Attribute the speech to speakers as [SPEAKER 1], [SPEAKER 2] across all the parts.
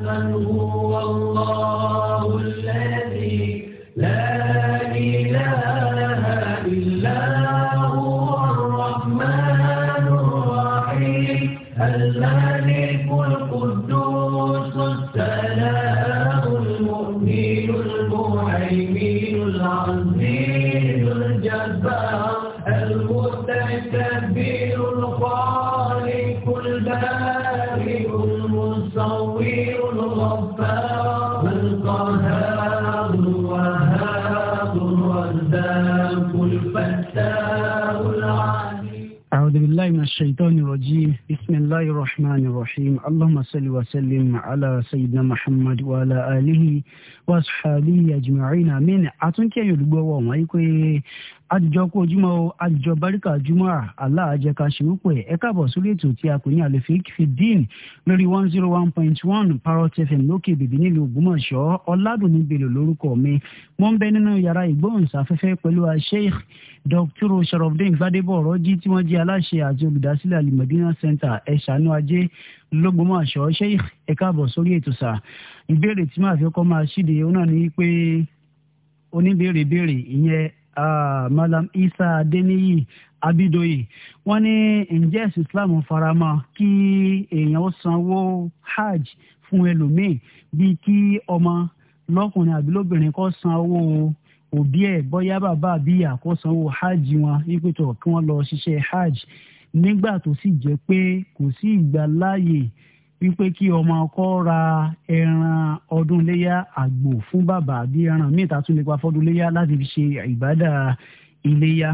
[SPEAKER 1] من هو الله الذي لا إله إلا هو
[SPEAKER 2] الرحيم اللهم صل وسلم على سيدنا محمد وعلى آله وأصحابه أجمعين آمين àtúnkẹ́ olùgbọ́wọ́ wọn yìí pé àjọ kú ojúmọ́ o àjọ baríkà jùmọ̀ Allah á jẹ́ ká ṣe wípé ẹ káàbọ̀ sórí ètò tí a kò ní àlefik fìdín lórí one zero one point one parrot fm lókè bèbí nílùú Ògbómọ̀ṣọ́ ọ̀làdùnní bèlò lórúkọ mi mo ń bẹ nínú yàrá ìgbóhùnsáfẹ́fẹ́ pẹ̀lú sheikh dr sharafdin gbadebo ọ̀rọ̀jì tí wọ́n jẹ́ aláṣẹ àti olùdásílẹ̀ alimọ̀dínà center ẹ̀ṣánú ajé lọ́gbọ́mọ̀ṣọ́ sheikh ẹ káàbọ̀ sórí ètò sà ìbéèrè tí màá fi kọ́ máa ṣíde ó náà ní pé oníbèrè Ah, malam isa adeniyi abidoyi wọ́n ní ǹjẹ́ ẹ̀sìn islam faramọ́ kí èèyàn sanwó hajj fún ẹlòmíì bíi kí ọmọ lọ́kùnrin àbí lóbìnrin kó san owó òbí ẹ̀ bóyá bàbá àbí ìyá kó sanwó hajj wọn ìpètò kí wọ́n lọ ṣiṣẹ́ hajj nígbà tó sì jẹ́ pé kò sí ìgbàláyè. Si wípé kí ọmọ kó ra ẹran ọdún léyà àgbò fún bàbá àbí ẹran míì tá a tún lè pa fọdún léyà láti fi ṣe ìbádà iléyà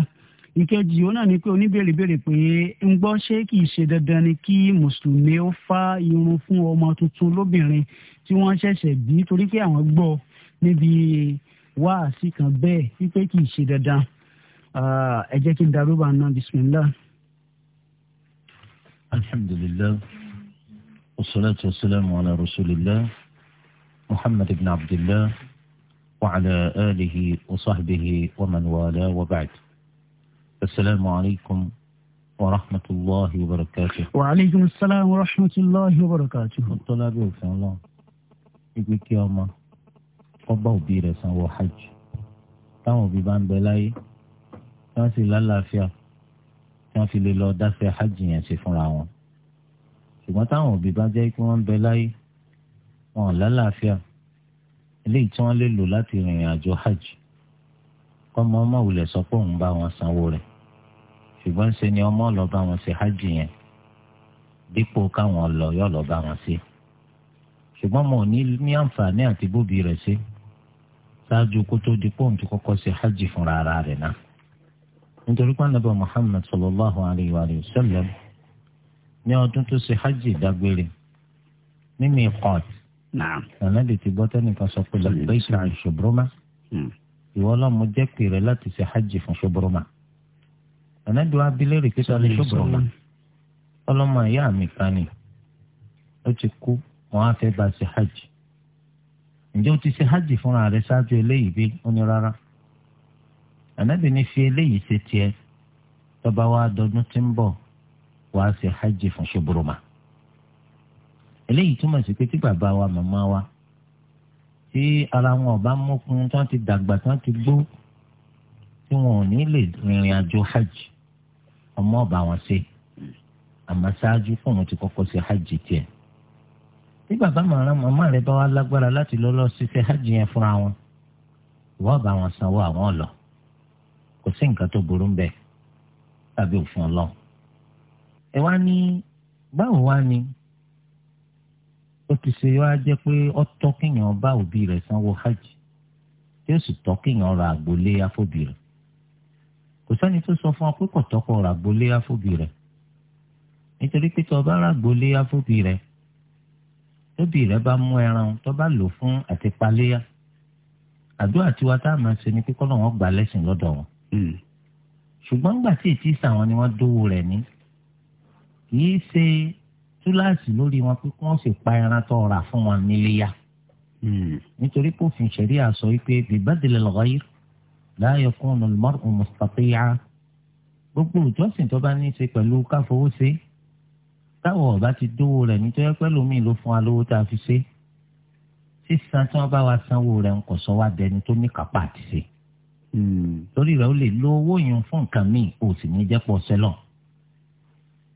[SPEAKER 2] ìkejì òun náà ni pé oníbèrè béèrè pé ń gbọ́ ṣé kì í ṣe dandan ni kí mùsùlùmí ó fá irun fún ọmọ tuntun lóbìnrin tí wọ́n ṣẹ̀ṣẹ̀ bí torí pé àwọn gbọ́ níbi wáàsí kan bẹ́ẹ̀ wípé kì í ṣe dandan ah, ẹ jẹ́ kí n darúgbà náà bismillah.
[SPEAKER 3] alhamdulillah. والصلاة والسلام على رسول الله محمد بن عبد الله وعلى آله وصحبه ومن والاه وبعد السلام عليكم ورحمة الله وبركاته
[SPEAKER 2] وعليكم السلام ورحمة الله وبركاته الطلاب وفي الله
[SPEAKER 3] يقول يوم ọba òbí rẹ̀ sanwó hajj táwọn òbí bá ń bẹ láyé tí wọ́n sì lálàáfíà tí wọ́n fi lè lọ ṣùgbọ́n táwọn òbí bá jẹ́ pé wọ́n ń bẹ láyé wọn ò lálàáfíà eléyìí tí wọ́n lè lò láti rìnrìn àjò hajj kọ́mọ ọmọ òwúlẹ̀ sọ pé òun bá wọn sanwó rẹ̀ ṣùgbọ́n ṣe ni ọmọ lọ bá wọn ṣe hajj yẹn dípò káwọn lọ yọ lọ bá wọn ṣe ṣùgbọ́n mo ní ní àǹfààní àti bóbi rẹ̀ ṣe ṣáájú kó tó di pọ́ùn tó kọ́kọ́ ṣe hajj fúnra ara rẹ̀ náà nítorí pé ànábì Muhammad sallallahu alayhi wa sallam ní ọdún tó ṣe hajj dágbére ní miqat nànàbì ti gbọ́ tẹ́nìkan sọ pé hmm. ìwọ hajj fún kí sọ ní ọlọ́mọ ìyá mi ni ó ti kú wọn á hajj ǹjẹ́ o ti hajj fúnra rẹ ṣáájú eléyìí bí rárá ní fi eléyìí ṣe wàá ṣe hajj fún ṣoboroma eléyìí túmọ̀ sí pé tí bàbá wa màmá wa tí ara wọn ọba mọ́kun tí wọ́n ti dàgbà tí wọ́n ti gbó tí wọn ò ní lè rìnrìn àjò hajj ọmọ ọba wọn ṣe àmọ́ ṣáájú fún òun ti kọ́kọ́ ṣe hajj tiẹ̀ tí bàbá màmá rẹ bá wà lágbára láti lọ lọ sí ṣe hajj yẹn fúnra wọn ìwọ ọba wọn sanwó àwọn ọlọ kò sí nǹkan tó burú ń bẹ tàbí òfin Ọlọ́run ẹ wá ní báwo wá ni ó ti ṣe wá jẹ́ pé ó tọ́ kéèyàn bá òbí rẹ̀ sanwó hajj tí ó sì tọ́ kéèyàn ra àgbólé afóbì rẹ̀ kò sẹ́ni tó sọ fún ọ pé kò tọ́kọ̀ ra àgbólé afóbì rẹ̀ nítorí pé tó bá ra àgbólé afóbì rẹ̀ tóbi rẹ̀ bá mú ẹran tó bá lò fún àtìpaléyà àdúrà tiwa tá a máa ṣe ni pé kọ́ lọ́wọ́ gbà lẹ́sìn lọ́dọ̀ wọn hmm. ṣùgbọ́n gbà tí ètí sàwọn ni wọ́n dówó rẹ̀ ní kì í ṣe túláàsì lórí wọn pé kí wọ́n sì pa ẹran tó rà fún wọn níléyà hmm. nítorí kò fi ṣẹ̀rí àṣọ wípé bìbádìlẹ̀ lọ́yìí láàyò fún olùmọ́rùn mùsùlùmíà gbogbo ìjọsìn tó bá ní í ṣe pẹ̀lú káfowó ṣe táwọn ọba ti dówó rẹ̀ nítorí pẹ́lú mi ló fún wa lówó tá a fi ṣe sísan tí wọ́n bá wa sanwó rẹ̀ ń kò sọ wá dẹni tó ní kápá àti ṣe. Hmm. torí rẹ̀ ó lè lo owó yẹn fún nǹkan míì o sì ní jẹ́ pọ̀ sẹ́lọ̀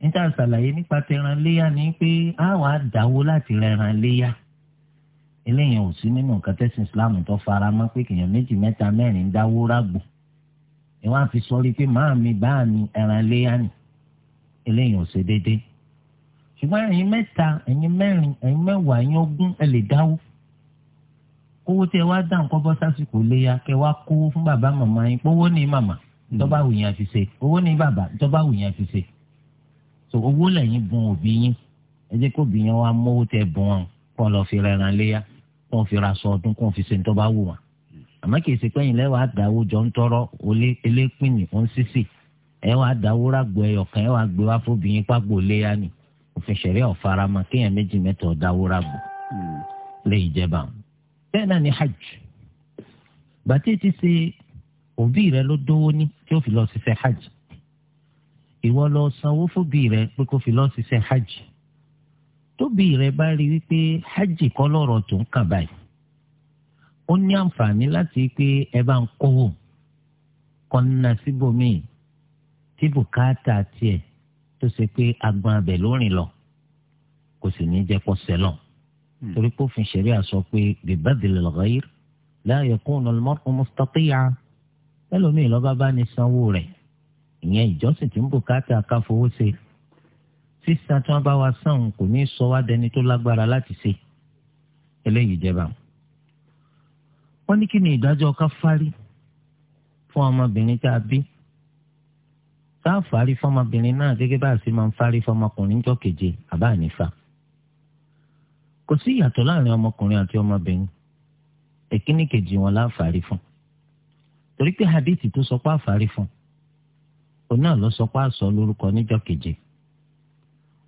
[SPEAKER 3] níta ṣàlàyé nípa tẹran léyà ni pé àwọn àdáwó láti rẹran léyà eléyìí ò sí nínú nǹkan tẹ́sìn Islam tó fara mọ́ pé kèèyàn méjì mẹ́ta mẹ́rin dáwó rágbò ni wọ́n á fi sọ pé máa mi bá mi ẹran léyà ni eléyìí ò ṣe déédéé ṣùgbọ́n ẹ̀yin mẹ́ta ẹ̀yin mẹ́rin ẹ̀yin mẹ́wàá ẹ̀yin ogún ẹ lè dáwó kówó tí ẹ wá dá nǹkan bọ́ sásìkò léyà kẹ wá kówó fún bàbá màmá yín pé ní màmá hmm. tó so owó lẹ́yìn bùn òbí yín ẹ jẹ́ kó òbí yín wá mówó tẹ bùn wọn kó lọ fi rẹran léyà kó fi ra aṣọ ọdún kó fi ṣe ní tó bá wù wọn àmọ́ kìí ṣe pẹ́yìn lẹ́wọ̀ àdáwó jọ ń tọrọ elépìnì ó ń sísì ẹ wà àdáwó ràgbọ ẹyọkan ẹ wà gbé wá fóbìyín pàgbó léyà ni òfin ṣẹ̀ríà ọ̀farama kéèyàn méjì mẹ́ta ọ̀dáwó ràgbọ hmm. lè ìjẹba bẹ́ẹ̀ náà ni hajj bàtí ti ṣe òbí rẹ ló dówó ní tí ìwọ lọ sanwó fóbi rẹ pé kó fi lọ ṣiṣẹ́ hajj tóbi rẹ bá rí wípé hajj kọ́ lọ́rọ̀ tó ń kà báyìí ó ní àǹfààní láti pé ẹ bá ń kówó kọ́nà síbòmíì tí bùkátà tiẹ̀ tó ṣe pé agbọn abẹ lórin lọ kò sì ní jẹ́ kó sẹ́lọ̀ hmm. torí pé òfin ṣẹ̀ríà sọ pé bibadhil ghayr la yakunu al-mar'u mustati'a ẹlòmíì lọ́ba bá ní sanwó rẹ̀ ìyẹn ìjọsìn tí ń bùkátà ká fowó ṣe sísan tí wọn bá wa sàn kò ní sọ wá dẹni tó lágbára láti ṣe eléyìí jẹba wọn ní kí ni ìdájọ́ ká fárí fún ọmọbìnrin tá a bí tá a fárí fún ọmọbìnrin náà gẹ́gẹ́ bá a sì máa ń fárí fún ọmọkùnrin jọ keje àbá ànífà kò sí ìyàtọ̀ láàrin ọmọkùnrin àti ọmọbìnrin èkíní kejì wọn láǹfààrí fún torí pé hadith tó sọ pé àǹfààrí fún òun náà ló sọ pé àsọ lórúkọ níjọ́ keje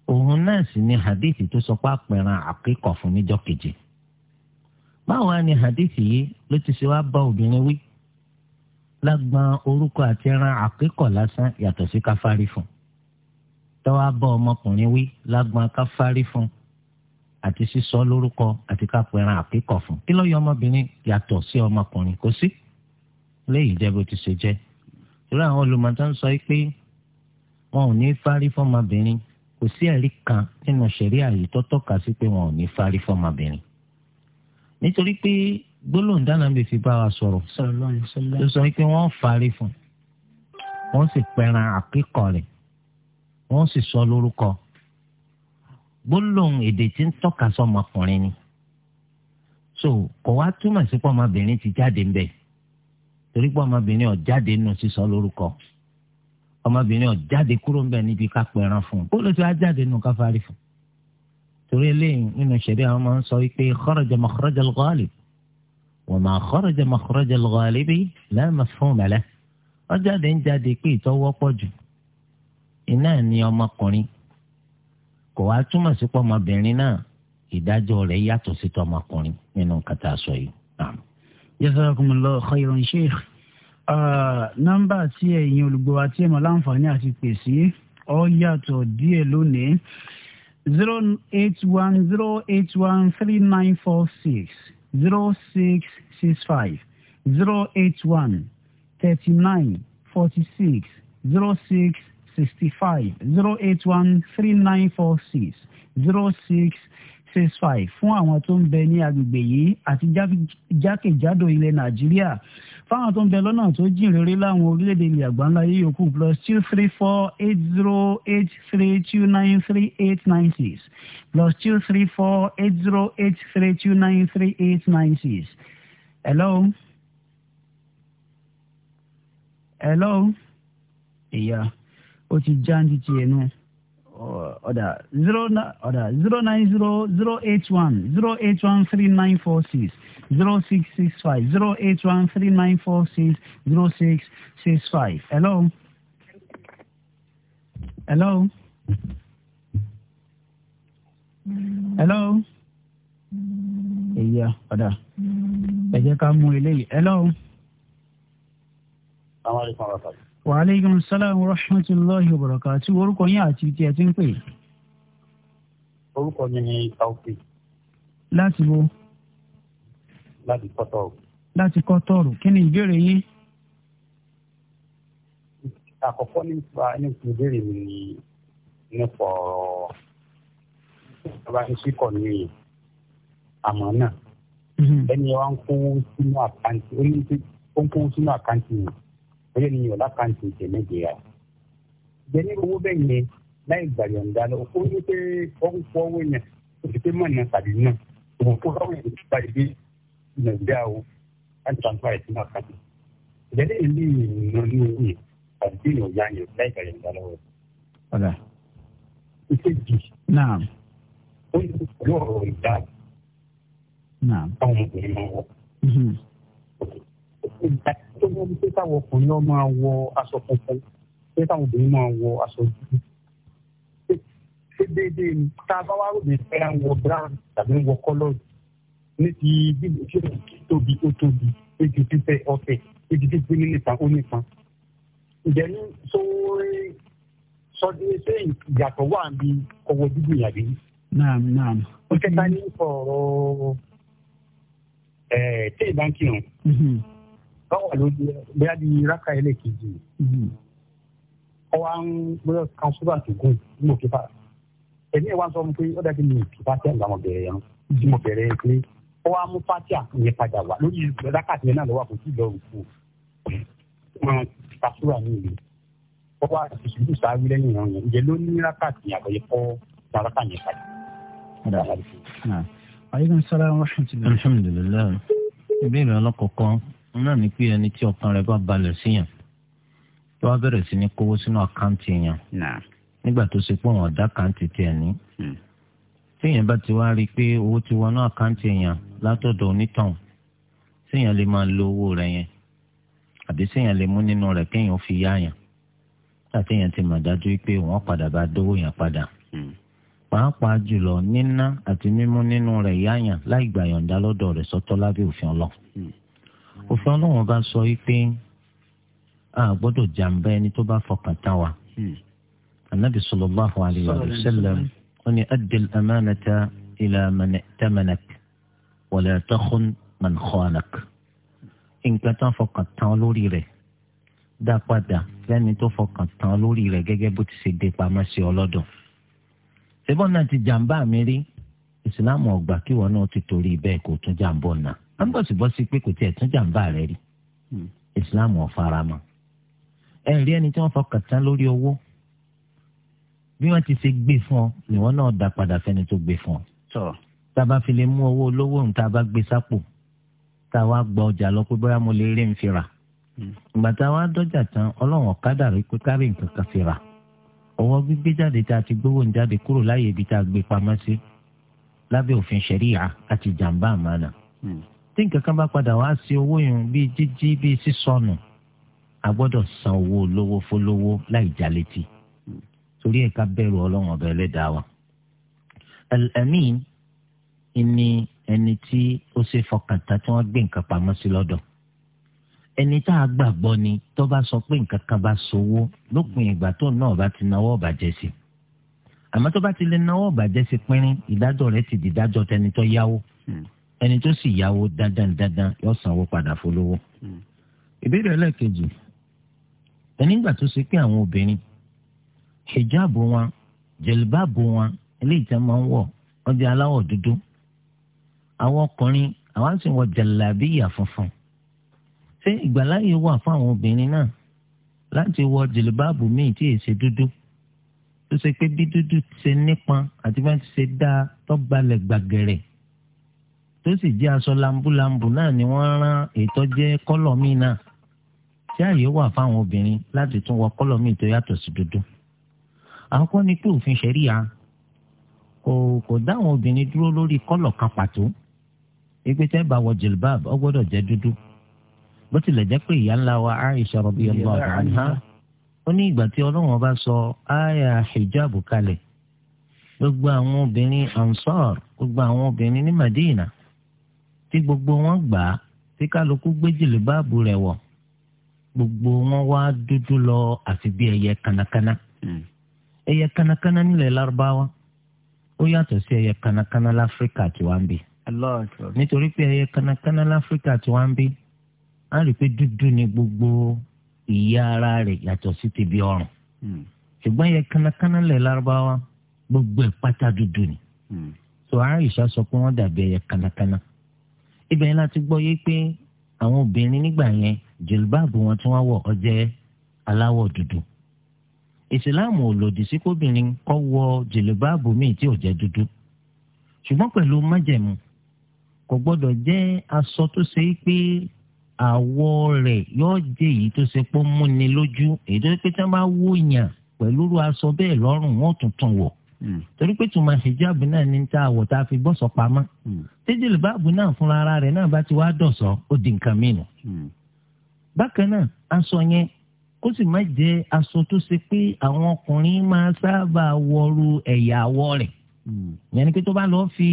[SPEAKER 3] òun náà sì ni hadith tó sọ pé àpẹran àkíkọ fún níjọ́ keje báwo ni hadith yìí ló ti ṣe wá bá obìnrin wí lágbọn orúkọ àti ẹran àkíkọ lásán yàtọ̀ sí káfárí fún tọ́wọ́ bá ọmọkùnrin wí lágbọn káfárí fún àti sísọ lórúkọ àti kápẹ́ran àkíkọ fún kí ló yọ ọmọbìnrin yàtọ̀ sí ọmọkùnrin kò sí léyìí jẹ́ bó ti ṣe jẹ́ torí àwọn olùmọ̀tá ń sọ pé wọn ò ní fárí fọmọbìnrin kò sí ẹ̀rí kan nínú ṣẹ̀rí àyè tó tọ́ka sí pé wọn ò ní fárí fọmọbìnrin nítorí pé gbólóhùn dáná bè fi bá wa sọ̀rọ̀ ló sọ pé wọ́n fárí fún wọ́n sì pẹran àkíkọ̀ rẹ̀ wọ́n sì sọ lórúkọ gbólóhùn èdè tí ń tọ́ka sọmọkùnrin ni so kò wá túmọ̀ sí pé ọmọbìnrin ti jáde ń bẹ̀ẹ́ torí pé ọmọbìnrin ọ̀jáde nù sísọ lórúkọ ọmọbìnrin ọ̀jáde kúrò ń bẹ̀ níbi ká pẹran fún un ó lè ti ajáde nù ká fárí fún un torí eléyìí nínú ṣẹ̀ríà àwọn máa ń sọ wípé kharaja makhraja al-ghalib wa ma kharaja makhraja al-ghalibi la mafhuma ọ̀jáde ń jáde pé ìtọ́wọ́ pọ̀ jù iná ni ọmọkùnrin kò wá túmọ̀ sí ọmọbìnrin náà ìdájọ́ rẹ̀ yàtọ̀ sí tọmọkùnrin nínú kàtà sọ yìí
[SPEAKER 2] jazakumullahu khairan sheikh ah, nọ́mbà tí ẹ̀yin olùgbọ́ wa tí ẹ mọ̀ láǹfààní àti pè sí ọ yàtọ̀ díẹ̀ lónìí zero eight one zero eight one three nine four six zero six six five zero eight one thirty nine forty six zero six sixty five zero eight one three nine four six zero six six five fún àwọn tó ń bẹ ní agbègbè yìí àti jákèjádò ilẹ̀ nàìjíríà fáwọn tó ń bẹ lọ́nà tó jìn rere láwọn orílẹ̀-èdè ilẹ̀ àgbáńlá yìí yòókù plus two three four eight zero eight three two nine three eight nine six plus two three four eight zero eight three two nine three eight nine six. hello. hello. ìyá ó ti já tiẹ̀ náà. ọ̀dà uh, zero ọ̀dà zero nine zero zero eight one zero eight one three nine four six zero six six five zero eight one three nine four six zero six six five. hello. hello. hello. ìyá ọ̀dà ẹ jẹ́ ká mú eléyìí. hello.
[SPEAKER 4] sàmúlẹ̀ kọ́ńtà.
[SPEAKER 2] wa aleykum salaam wa rahmatulahi wa barakatu orúkọ yín àti tí ẹ ti ń pè.
[SPEAKER 4] orúkọ mi ni taofi. láti wo. láti kọ́tọ̀rù.
[SPEAKER 2] láti kọ́tọ̀rù kí ni ìbéèrè yín.
[SPEAKER 4] àkọ́kọ́ nípa nípa ìbéèrè mi ni nípa ọ̀rọ̀ ìjọba ìṣíkọ̀ ní àmọ́ náà. Mm-hmm. ẹni wa ń kó sínú àkáǹtì ó ń kó sínú àkáǹtì yìí bóyá ni yọ̀ọ́ lákàntì ìtẹ̀mẹ́jẹ yà. jẹ́ni owó bẹ́ẹ̀ yẹn láì gbàyọ̀ǹda lọ ó ní pé ọkùn fún ọwọ́ yẹn kò sí pé mọ̀ ní tàbí náà òun fún ọwọ́ yẹn bá ibi nàìjíríà o láti tàǹfà ẹ̀ sínú àkàtì. jẹ́ni èmi ìrìnà ní owó yẹn tàbí bí yọ̀ọ́ yá yẹn láì gbàyọ̀ǹda lọ́wọ́. ọ̀dà. ìkejì. náà. ó ní ọ̀rọ̀ ìdáàbò. náà. táwọn ọmọbìnrin máa wọ ìgbà tó wọ́n pé táwọn ọkùnrin náà máa wọ aṣọ funfun pé táwọn obìnrin máa wọ aṣọ dúdú. ṣé déédéé ni tá a bá wá rògbè pé à ń wọ brown tàbí ń wọ kọ́lọ́ọ̀dù ní ti bíbí tí ó tóbi ó tóbi ètò pípẹ́ ọ̀fẹ́ ètò pípẹ́ nípa ó nípa. ǹjẹ́ ní sọ́wọ́rẹ́ sọdún ṣé ìyàtọ̀ wà ní ọwọ́ dúdú ìyàbí.
[SPEAKER 2] naam naam. ó
[SPEAKER 4] kẹta ní ọ̀rọ̀ ẹ̀ẹ́dẹ́gbàkìrún bá wà lójú bóyá di rákà ẹlẹ́ẹ̀kejì ọ mm-hmm. wá ń bóyá kan sóbà tó gùn ní mo kípa ẹni ẹ wá sọ pé ó dàbí mi kípa tẹ́ ǹgbà mo bẹ̀rẹ̀ yẹn tí mo bẹ̀rẹ̀ pé ọ wá mú pátí àkùnye padà wá lórí rákà tẹ́ náà lọ́wọ́ àkókò ìlọ òkú wọn kípa sóbà mi rè ọ wá ìṣubú sáré lẹ́yìn ìran yẹn ìjẹ́ ló ní rákà tì àbẹ̀yẹ kọ́ rákà yẹn
[SPEAKER 3] padà. aleykum salaam wa rahmatulah. alhamdulilayi ibeere ọlọkọọkan náà ni pé ẹni tí ọkàn rẹ̀ bá balẹ̀ síyàn tó wá bẹ̀rẹ̀ sí ní kówó sínú àkáǹtì yẹn nígbà tó ṣe pé wọn ọ̀dà àkáǹtì tiẹ̀ ní. Hmm. téèyàn bá ti wá rí i pé owó ti wọnú àkáǹtì yẹn látọ̀dọ̀ onítàn séèyàn lè máa lo owó rẹ̀ yẹn àbí séèyàn lè mú nínú rẹ̀ kéèyàn fi yá yàn látẹ̀yàn ti mà dájú pé wọ́n padà bá dówó yẹn padà. Hmm. pàápàá jùlọ níná àti mímú nínú rẹ̀ yáyàn láì gbà yọ̀ǹda lọ́dọ̀ rẹ̀ sọ́tọ̀ lábẹ́ òfin ọlọ́run òfin ọlọ́wọ́n bá sọ wípé a gbọ́dọ̀ jàǹbá ẹni tó bá fọkàn tán wa. Hmm. anabi sallallahu alayhi wa sallam ó ní adil amanata ila man tamanak wala takhun man khanak. nǹkan tán fọkàn tán lórí rẹ̀ dá padà lẹ́ni tó fọkàn tán lórí rẹ̀ gẹ́gẹ́ bó ti ṣe dé pamọ́ sí ọlọ́dọ̀. ṣé bọ́n náà ti jàǹbá mi rí ìsìláàmù ọgbà kíwọ náà ti torí bẹ́ẹ̀ kó tún jàǹbọ̀ náà à ń bọ̀sibọ́sí pé kò tiẹ̀ tún jàǹbá rẹ̀ rí hmm. islam ò fara mọ́ ẹ rí ẹni tí wọ́n fọkàn tán lórí owó bí wọ́n ti ṣe gbé fún ọ ni wọ́n náà dá padà fẹ́ni tó gbé fún ọ. tá a bá fi lè mú owó olówó ohun tá a bá gbé sápò tá a wá gba ọjà lọ pé bóyá mo lè rí n fi rà hmm. ìgbà tá a wá dọ́jà tán ọlọ́run ọ̀kadà rí pé kárí nǹkan kan fi rà ọwọ́ gbígbé jáde tá a ti gbówó ń jáde kúrò láyé ibi tá a gbé pamọ́ sí lábẹ́ òfin ṣẹ̀ríyà àti jàǹbá àmàna. Hmm tí nǹkan kan bá padà wá sí owó yẹn bíi jíjí bíi sísọnù a gbọ́dọ̀ san owó lówó fólówó láì já létí torí ẹ̀ka bẹ̀rù ọlọ́run ọba ẹlẹ́dàá wa. al-amin ni ẹni tí ó ṣe fọkàn tán tí wọ́n gbé nǹkan pamọ́ sí lọ́dọ̀ ẹni tá a gbàgbọ́ ni tó bá sọ pé nǹkan kan bá sowó lópin ìgbà tó náà bá ti náwó ọ̀bàjẹ́ sí àmọ́ tó bá ti lè náwó ọ̀bàjẹ́ sí pínrín ìdájọ́ rẹ̀ ti di ìdájọ́ tẹni yáwó ẹni tó sì yáwó dandan dandan yóò sanwó padà fólówó. Hmm. ìbéèrè ẹlẹ́ẹ̀kejì ẹnìgbà tó ṣe pé àwọn obìnrin hijabu wọn jẹlibaabu wọn eléyìí tẹ́ máa ń wọ̀ wọ́n di aláwọ̀ dúdú àwọn ọkùnrin àwọn sì wọ jẹlẹbíyà funfun ṣé ìgbàláyè wà fún àwọn obìnrin náà láti wọ jẹlibaabu míì tí èsè dúdú tó ṣe pé bí dúdú ṣe nípọn àti bá ti ṣe dáa tó gbàgẹ̀rẹ̀ tó sì jẹ́ aṣọ lambúlambù náà ni wọ́n rán ètò jẹ́ kọ́lọ́mì náà tí ààyè wà fáwọn obìnrin láti tún wọ kọ́lọ́mì tó yàtọ̀ sí dúdú. àkọ́kọ́ ni pé òfin ṣẹ̀ríya kò kò dá àwọn obìnrin dúró lórí kọ́lọ̀ kan pàtó ìgbésẹ̀ bá wọ jilbab ó gbọ́dọ̀ jẹ́ dúdú bó tilẹ̀ jẹ́ pé ìyá ńlá wa Aisha radiyallahu anha ó ní ìgbà tí ọlọ́run bá sọ aya hijab kalẹ̀ gbogbo àwọn obìnrin ansar gbogbo àwọn obìnrin ní Madina tí gbogbo wọn gbà á tí kálukú gbé jìlìbáàbù rẹ̀ wọ̀ gbogbo wọn wá dúdú lọ àfi bí ẹyẹ kanakana hmm. ẹyẹ kanakana nílẹ̀ lárúbáwá ó yàtọ̀ sí ẹyẹ kanakana láfíríkà tí wọ́n bí nítorí pé ẹyẹ kanakana láfíríkà tí wọ́n bí á rí i pé dúdú ni gbogbo ìyá ara rẹ̀ yàtọ̀ sí ti ọrùn hmm. ṣùgbọ́n ẹyẹ kanakana lẹ̀ lárúbáwá gbogbo ẹ̀ pátá dúdú ni. Mm. so Aisha sọ pé wọ́n dàbí ẹyẹ kanakana. Mm ibẹ̀ yẹn láti gbọ́ yé pé àwọn obìnrin nígbà yẹn jìlbáàbù wọn tí wọ́n wọ̀ ó jẹ́ aláwọ̀ dúdú ìsìláàmù ò lòdì sí kóbìnrin kọ́ wọ jìlbáàbù míì tí ò jẹ́ dúdú ṣùgbọ́n pẹ̀lú májẹ̀mú kò gbọ́dọ̀ jẹ́ aṣọ tó ṣe é pé àwọ̀ rẹ̀ yóò jẹ́ èyí tó ṣe pé ó múni lójú èyí tó ṣe pé tí wọ́n bá wò pẹ̀lú aṣọ bẹ́ẹ̀ lọ́rùn wọn tuntun wọ̀ Hmm. torí pé tùmọ̀ hijab náà ní ta àwọ̀ tá a fi bọ́sọ̀ pamọ́ hmm. tẹ́jìlì báàbù náà fúnra ara rẹ̀ náà bá ti wá dọ̀sọ̀ ó di nǹkan mìíràn. Hmm. bákan náà aṣọ yẹn kó sì má jẹ aṣọ tó ṣe pé àwọn ọkùnrin máa sábà wọru ẹ̀yà àwọ̀ rẹ̀ yẹn ni pé tó bá lọ́ọ́ fi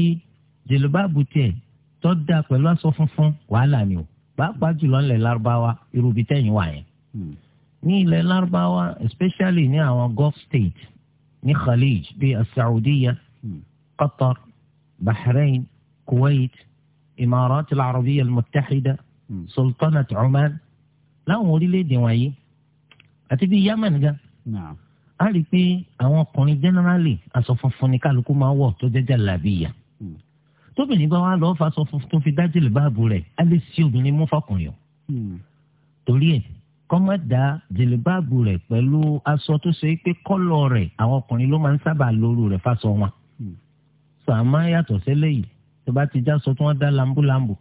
[SPEAKER 3] jìlìbáàbù tiẹ̀ tó dáa pẹ̀lú aṣọ funfun wàhálà ni o pàápàá jùlọ ńlẹ̀ lárúbáwá irú ibi wà yẹn ní ilẹ̀ lárúbáwá especially ní àwọn gulf state ní khalij bíi asaudiya hmm. qatar bahrain kuwait imarat al-arabiya al-muttahida hmm. sultanat oman láwọn orílẹ̀-èdè wọ̀nyí àti bíi yemen gan. a rí i pé àwọn ọkùnrin generally aṣọ funfun ni kálukú máa wọ̀ tó jẹ́jà làbíyà hmm. tóbìnrin bá wà lọ́ọ́ fa aṣọ tó fi dájú lè báàbò rẹ̀ á lè ṣí obìnrin mú fọkùnrin o torí ẹ̀ kọ́mọ́ da jìlìbáàbù rẹ̀ pẹ̀lú aṣọ tó ṣe pé kọ́lọ̀ rẹ̀ àwọn ọkùnrin ló máa ń sábà lóru rẹ̀ fáṣọ wọn. Hmm. sàmá yàtọ̀ sílẹ̀ yìí tó bá ti já aṣọ tí wọ́n dá lambúlambù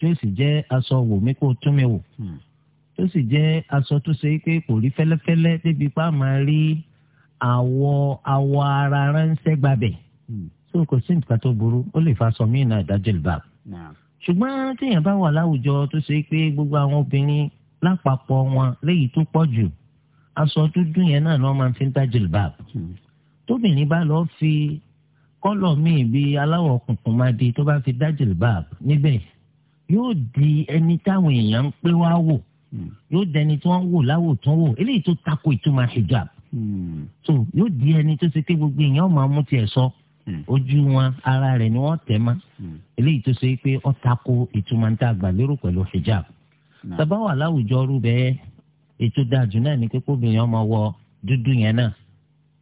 [SPEAKER 3] tó sì jẹ́ aṣọ wò mí kó tún mi wò hmm. tó sì jẹ́ aṣọ tó ṣe pé kò rí fẹ́lẹ́fẹ́lẹ́ débi pa máa rí àwọ̀ àwọ̀ ara ránṣẹ́ gbàbẹ̀ tó hmm. kò sí nǹkan tó burú ó lè fa aṣọ míì náà ìdájọ́ ìbá ṣùgbọ́n lápapọ̀ wọn léyìí tó pọ̀ jù aṣọ dúdú yẹn náà ni wọ́n máa fi ń dájú báàb tóbìnrin bá lọ́ọ́ fi kọ́lọ̀ míì bíi aláwọ̀ kùnkùn máa di tó bá fi dájú báàb níbẹ̀ yóò di ẹni táwọn èèyàn ń pé wá wò yóò dẹni tí wọ́n wò láwò tó wò eléyìí tó tako ìtumọ̀ hijab so yóò di ẹni tó ṣe pé gbogbo èèyàn máa mú tiẹ̀ sọ ojú wọn ara rẹ̀ ni wọ́n tẹ̀ mọ́ eléyìí tó ṣe pé ó tako ìtumọ̀ ń tà lérò pẹ̀lú hijab tàbá wà láwùjọ rú bẹ́ẹ̀ ètò dájú náà ni kíkó obìnrin ọmọ wọ dúdú yẹn náà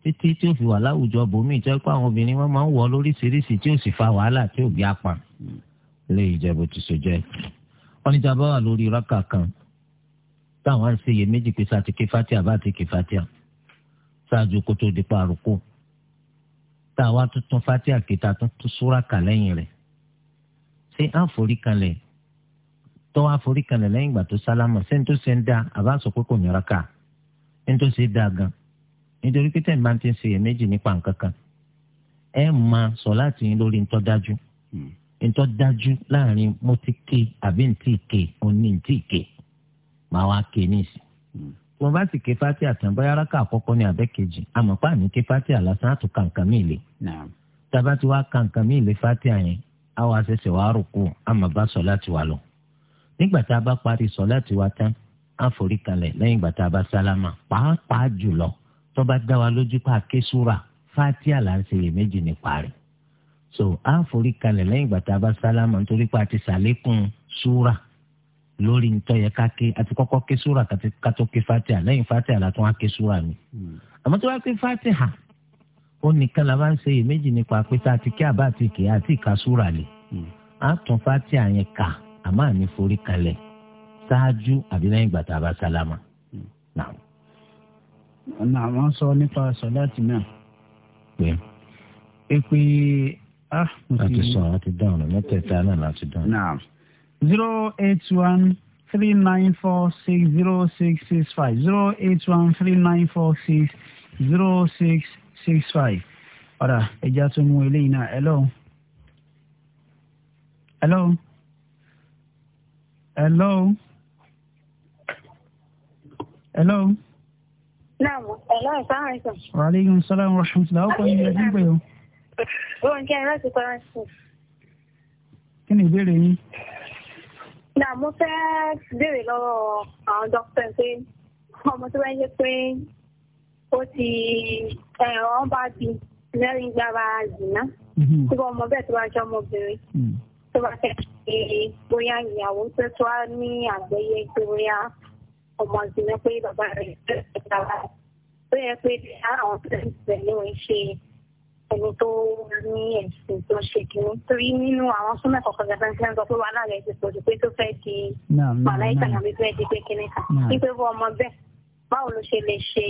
[SPEAKER 3] títí tí ó fi wà láwùjọ bòmíì tó kó àwọn obìnrin wọn máa ń wọ lóríṣiríṣi tí ó sì fa wàhálà tí ò bí apá hmm. lè ìjẹ́bù tó so jẹ́ wọ́n ní tàbá wà lórí rákà kan táwọn ń ṣiyè méjì pé sa ti ké fatia bá ti ké fatia ṣáájú kó tó di paroko táwa tuntun fatia kìtà tuntun súrà kà lẹ́yìn rẹ̀ ṣé àforí kalẹ̀ tó wá forí kanlẹ̀ lẹ́yìn ìgbà tó sálámà ṣé ní tó ṣe ń dá àbá sọ pé kò ní rákà ní tó ṣe dá gan nítorí pé tẹ̀m̀bá ti ń ṣe iyèméjì nípa nǹkan kan ẹ máa sọ láti yín lórí ntọ́ dájú hmm. ntọ́ dájú láàrin mo ti ké àbí ntí ké òní ntí ké màá wá ké níìsì wọn hmm. bá sì ké fati àtàn bóyá rákà àkọ́kọ́ ní abẹ́kejì àmọ́pá ní ké fati àlásán àtò kàǹkàn mí le. tába tí wàá kàǹkàn mí le fati àyẹn àwọn àṣẹṣẹ wàá rò kú àmọ́ bá sọ láti wà lọ nígbà tá a bá parí sọlá tiwa tán á forí kalẹ̀ lẹ́yìn ìgbà tá a bá sálámà pàápàá jùlọ tó bá dá wa lójú pa ké súra fátíà là ń ṣe lè méjì ní parí so á forí kalẹ̀ lẹ́yìn ìgbà tá a bá sálámà nítorí pé a ti sàlékún súra lórí ntọ́ yẹ àti kọ́kọ́ ké súra ká ké fátíà lẹ́yìn fátíà la tún á ké súra mi hmm. àmọ́ tó bá ké fátíà ó nìkan la bá ń ṣe lè méjì nípa pé tá a ti ké àbá àti kè àti ìka súra hmm. lè á tún fátíà yẹn kà àmọ́ àní forí kalẹ̀ ṣáájú àbí lẹ́yìn ìgbà tá a bá sálámà. Hmm.
[SPEAKER 2] ọ̀nà àwọn sọ nípa sọ̀láàtì náà.
[SPEAKER 3] pé é pé a. a ti sọ àwọn ti dán ọ̀nà mẹ́tẹ̀ẹ̀ta náà láti dán.
[SPEAKER 2] zero eight one three nine four six zero six six five zero eight one three nine four six zero six six five ọ̀rà ẹja tó mú eléyìí náà hello. hello hello. hello.
[SPEAKER 5] naam hello asalaamualeykum.
[SPEAKER 2] waaleykum salaam wa rahmatulah. ọkọ yìí lẹ́sìn pé o.
[SPEAKER 5] bóun jẹ́ láti pẹ́rẹ́ sí.
[SPEAKER 2] kí ni ìbéèrè yín.
[SPEAKER 5] náà mo fẹ́ béèrè lọ́wọ́ àwọn dókítà pé ọmọ tó bá ń ṣe pé ó ti ẹ̀rọ bá di lẹ́rìí gbára zìnà. tó mm-hmm. bá ọmọ bẹ́ẹ̀ tó bá jẹ́ ọmọbìnrin mm. tó bá fẹ́ pé bóyá ìyàwó tó tó á ní àgbẹ̀yẹ pé bóyá ọmọ ìgbìmọ̀ pé bàbá rẹ̀ fẹ́ ta wá tó yẹ pé àwọn tó ń tẹ̀lé òun ṣe ẹni tó ní ẹ̀sìn tó ṣe kìíní torí nínú àwọn súnmọ́ kọ̀ọ̀kan gàdá ti ń pé wàhálà rẹ̀ ti pọ̀ pé tó fẹ́ di màláìkà tàbí fẹ́ di pé kíní kan wípé bó ọmọ bẹ́ẹ̀ báwo ló ṣe lè ṣe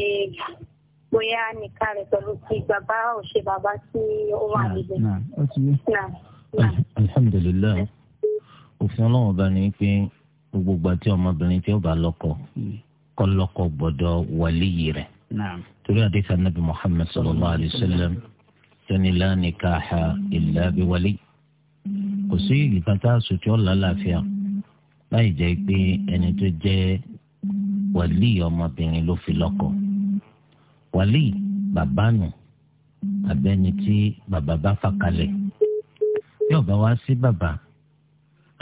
[SPEAKER 5] bóyá nìka rẹ̀ pẹ̀lú ti bàbá òṣè bàbá tí ó wà
[SPEAKER 6] níbẹ̀. alhamdulilayi
[SPEAKER 3] òfin ọlọ́run bá ní pé gbogbo ìgbà tí ọmọbìnrin tí ó bá lọ́kọ kọ́ lọ́kọ gbọ́dọ̀ wàlíyì rẹ̀ torí àdéhùn anabi muhammed sallallahu alayhi wa sallam tóní la nikaha illa bi wali kò sí ìkàtà sòtì ọ̀la láàfíà láì jẹ́ pé ẹni tó jẹ́ wàlíyì ọmọbìnrin ló fi lọ́kọ wàlíyì bàbá nù abẹ́ni tí bàbá bá fà kalẹ̀ bí ọba wá sí bàbá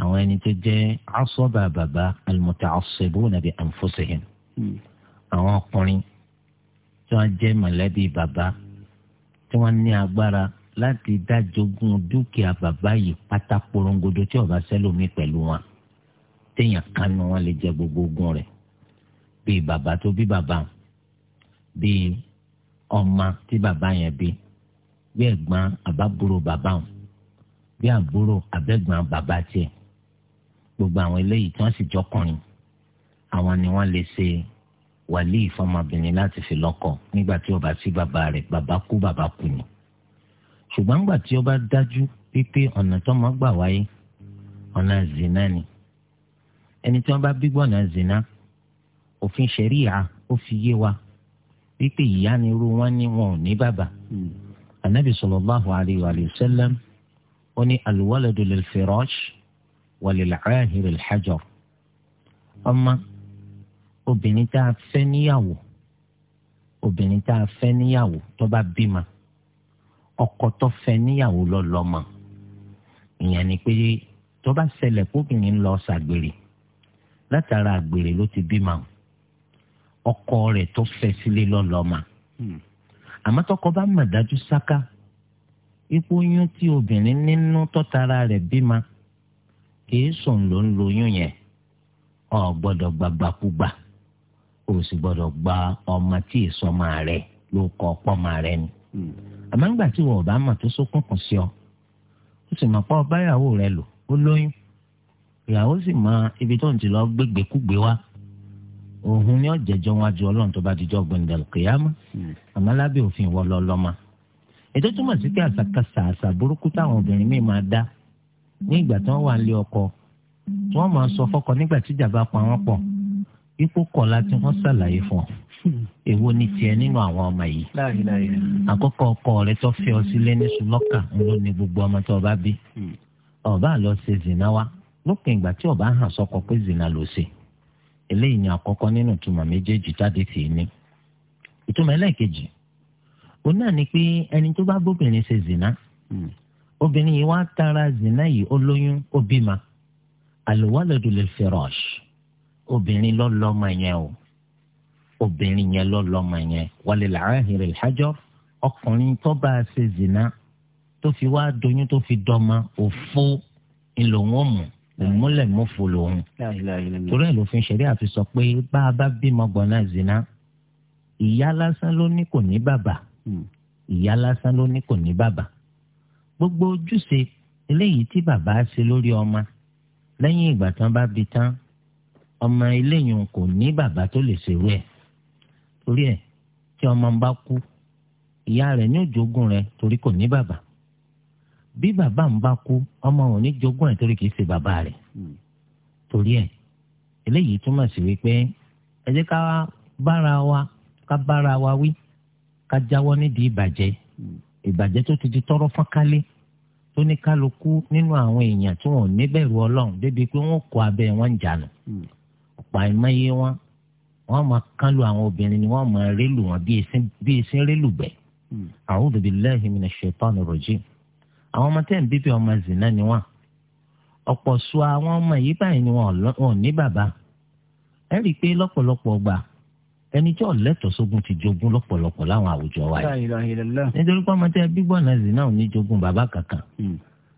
[SPEAKER 3] àwọn ẹni tó jẹ́ asọ́ba bàbá al-muta'assibuna bi anfusihim hmm. àwọn ọkùnrin tí wọ́n jẹ́ mọ̀lẹ́bí bàbá tí wọ́n ní agbára láti dájogún dúkìá bàbá yìí pátá porongodo tí ó bá sẹ́lómi pẹ̀lú wọn téèyàn kánú wọn lè jẹ gbogbo ogún rẹ̀ bíi bàbá tó bí bàbá bíi ọmọ tí bàbá yẹn bí bí ẹ̀gbọ́n àbábúrò bàbá bí àbúrò abẹ́gbọ́n bàbá tiẹ̀ gbogbo àwọn eléyìí tí wọ́n sì jọkùnrin àwọn ni wọ́n lè ṣe wàlí ìfọmọbìnrin láti fi lọ́kọ nígbà tí ó bá sí bàbá rẹ̀ bàbá kú bàbá kú ni ṣùgbọ́n nígbà tí ó bá dájú wípé ọ̀nà tọ́mọ gbà wáyé ọ̀nà zina ni ẹni tí wọ́n bá bí gbọ́nà zina òfin ṣẹ̀ríà ó fi yé wa wípé ìyá ni irú wọn ni wọn ò ní bàbá anabi hmm. sallallahu alayhi wa sallam ó ní alwaladu lil firash. وللعاهر الحجر أما ọmọ obìnrin tá a fẹ́ níyàwó obìnrin tá a fẹ́ níyàwó tó bá bímọ ọkọ tó fẹ́ níyàwó lọ lọ́mọ ìyẹn ni pé tó bá ṣẹlẹ̀ kóbìnrin lọ ṣàgbèrè látara àgbèrè ló ti bímọ ọkọ rẹ̀ tó fẹ́ sílé lọ lọ́mọ hmm. àmọ́ tọkọ bá mọ̀ dájú sáká ipò oyún tí obìnrin nínú tọ́tara rẹ̀ bímọ kìí sùn ló ń lóyún yẹn ọ gbọ́dọ̀ gbàgbàkúgbà o sì gbọ́dọ̀ gba ọmọ tí ìsọmọ rẹ ló kọ pọmọ rẹ ni àmọ́ ńgbà tí wọn ò bá mọ̀ tó sókùnkùn sí ọ ó sì mọ̀ pé ọba ìyàwó rẹ lò ó lóyún ìyàwó sì mọ ibi tó ń ti lọ gbégbékúgbé wá òun ni ọjẹjọ wọn ju Ọlọ́run tó bá dijọ gbẹndẹlù kìyàmá àmọ́ òfin ìwọ ètò túmọ̀ sí pé àṣàkáṣà àṣà burúkú táwọn obìnrin míì máa dá ní ìgbà tí ọkọ tí ma máa sọ fọ́kọ nígbà tí pa wọn pọ, ipò kọ̀ láti wọn ṣàlàyé fún ọ èwo ni tiẹ̀ nínú àwọn ọmọ yìí ọkọ rẹ tó fi ọ sílé ní gbogbo ọmọ tó bá ọba lọ ṣe zina wa lópin ìgbà tí ọba hàn sọkọ pé zina ló ṣe eléyìí ni nínú méjèèjì jáde tì í ní òun náà ni pé ẹni obìnrin yìí wá tara zina yìí ó lóyún ó bímọ àlùwalẹ̀dù lè firash obìnrin ló lọ́mọ yẹn o obìnrin yẹn ló lọ́mọ yẹn walil ahiri al-hajar ọkùnrin tó bá a ṣe zina tó fi wá doyún tó fi dọ́mọ òfó ńlọ́wọ́mù òmúlẹ̀ mọ́fò lòun torí ẹ̀ lófin ṣẹ̀rí àfi sọ pé bá a bá bímọ gbọ̀nà zina ìyá lásán ló ní kò ní bàbá hmm. ìyá lásán ló ní kò ní bàbá gbogbo ojúṣe eléyìí tí bàbá ṣe lórí ọmọ lẹ́yìn ìgbà tán bá bí tán ọmọ eléyìí kò ní bàbá tó lè ṣerú ẹ̀ torí ẹ̀ tí ọmọ bá kú ìyá rẹ̀ ní òjogún rẹ̀ torí kò ní bàbá bí bàbá ń bá kú ọmọ ò ní jogún ẹ̀ torí kìí ṣe bàbá rẹ̀ hmm. torí ẹ̀ eléyìí túmọ̀ sí wípé ẹ jẹ́ ká bára wa ká bára wa wí ká jáwọ́ nídìí ìbàjẹ́ hmm. ìbàjẹ́ tó ti di tọ́rọ́ fọ́nkálé tó ní kálukú nínú àwọn èèyàn tí wọn ò níbẹ̀rù ọlọ́run débi pé wọ́n kó abẹ́ wọn jànù hmm. ọ̀pọ̀ àìmọye wọn wọ́n máa kánlu àwọn obìnrin ni wọ́n máa rélu wọn bí esin rélu bẹ̀. Hmm. a'udhu billahi minash shaitani rajim àwọn ọmọ tẹ́ ń bíbí ọmọ zina ni wọ́n ọ̀pọ̀ sọ àwọn ọmọ yìí báyìí ni wọ́n ò ní bàbá ẹ rí i pé lọ́pọ̀lọpọ̀ gbà ẹni tí ọ̀lẹ́tọ̀ sógun ti jogún lọ́pọ̀lọpọ̀ láwọn àwùjọ wa yìí nítorí pé ọmọ tẹ bíbọ̀ náà zì náà ní jogún bàbá kankan hmm.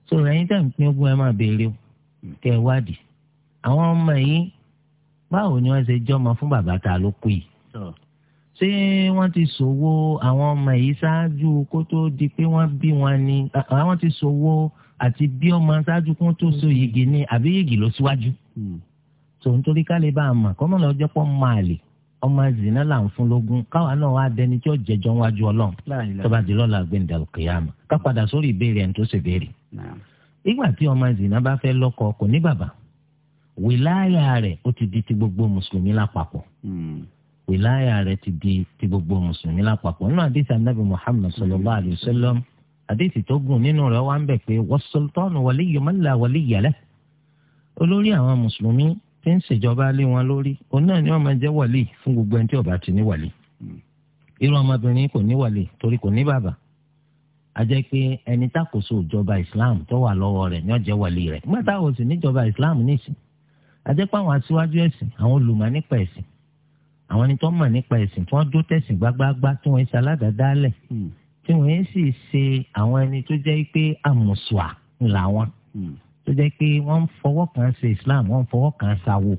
[SPEAKER 3] so ẹ̀yin tẹ̀ ń pín ogún ẹ máa béèrè o hmm. kẹ́ ẹ wádìí àwọn ọmọ yìí báwo ni wọ́n ṣe jọ́mọ fún bàbá ta ló kú yìí ṣé wọ́n ti ṣòwò àwọn ọmọ yìí ṣáájú kó tó di pé wọ́n bí wọn ni àwọn ti ṣòwò àti bí ọmọ ṣáájú kó tó so hmm. yìgì ni àbí yìgì ló síwájú tòun torí ká lè bá a mọ̀ kọ́mọ́ lọ́jọ́ máa lè ọmọ zina là ń fún lógún káwọn náà wá dẹni tí ó jẹjọ wájú Ọlọ́run tó bá di lọ́la gbẹndàlù kìyàmù ká padà sórí ìbéèrè ẹni tó ṣe béèrè. ìgbà tí ọmọ zina bá fẹ́ lọ́kọ kò ní bàbá wìláyà rẹ̀ ó ti di ti gbogbo mùsùlùmí lápapọ̀ hmm. wìláyà rẹ̀ ti di ti gbogbo mùsùlùmí lápapọ̀ nínú àdìsí anábì Muhammad sallallahu alayhi wa sallam àdìsí tó gùn nínú rẹ̀ wá ń bẹ̀ pé was la waliyya lahu olórí àwọn tí ń ṣèjọba lé wọn lórí òun náà ni wọn máa jẹ wàlí fún gbogbo ẹni tí ọba ti ní wàlí hmm. irú ọmọbìnrin kò ní wàlí torí kò ní bàbá a jẹ́ pé ẹni tàkóso ìjọba islam tó wà lọ́wọ́ rẹ̀ ni ó jẹ́ wàlí rẹ̀ nígbà táwọn sì níjọba islam nìsín a jẹ́ pé àwọn aṣíwájú ẹ̀sìn àwọn olùmọ̀ nípa ẹ̀sìn àwọn ẹni tó mọ̀ nípa ẹ̀sìn tí wọ́n dó tẹ̀sìn gbágbáágbá tí wọ́n ń ṣe aládàádáálẹ̀ hmm. tí wọ́n ń sì ṣe àwọn ẹni tó jẹ́ pé àmùsùà làwọn tó jẹ́ pé wọ́n ń fọwọ́ kan ṣe islam wọ́n ń fọwọ́ kan ṣàwò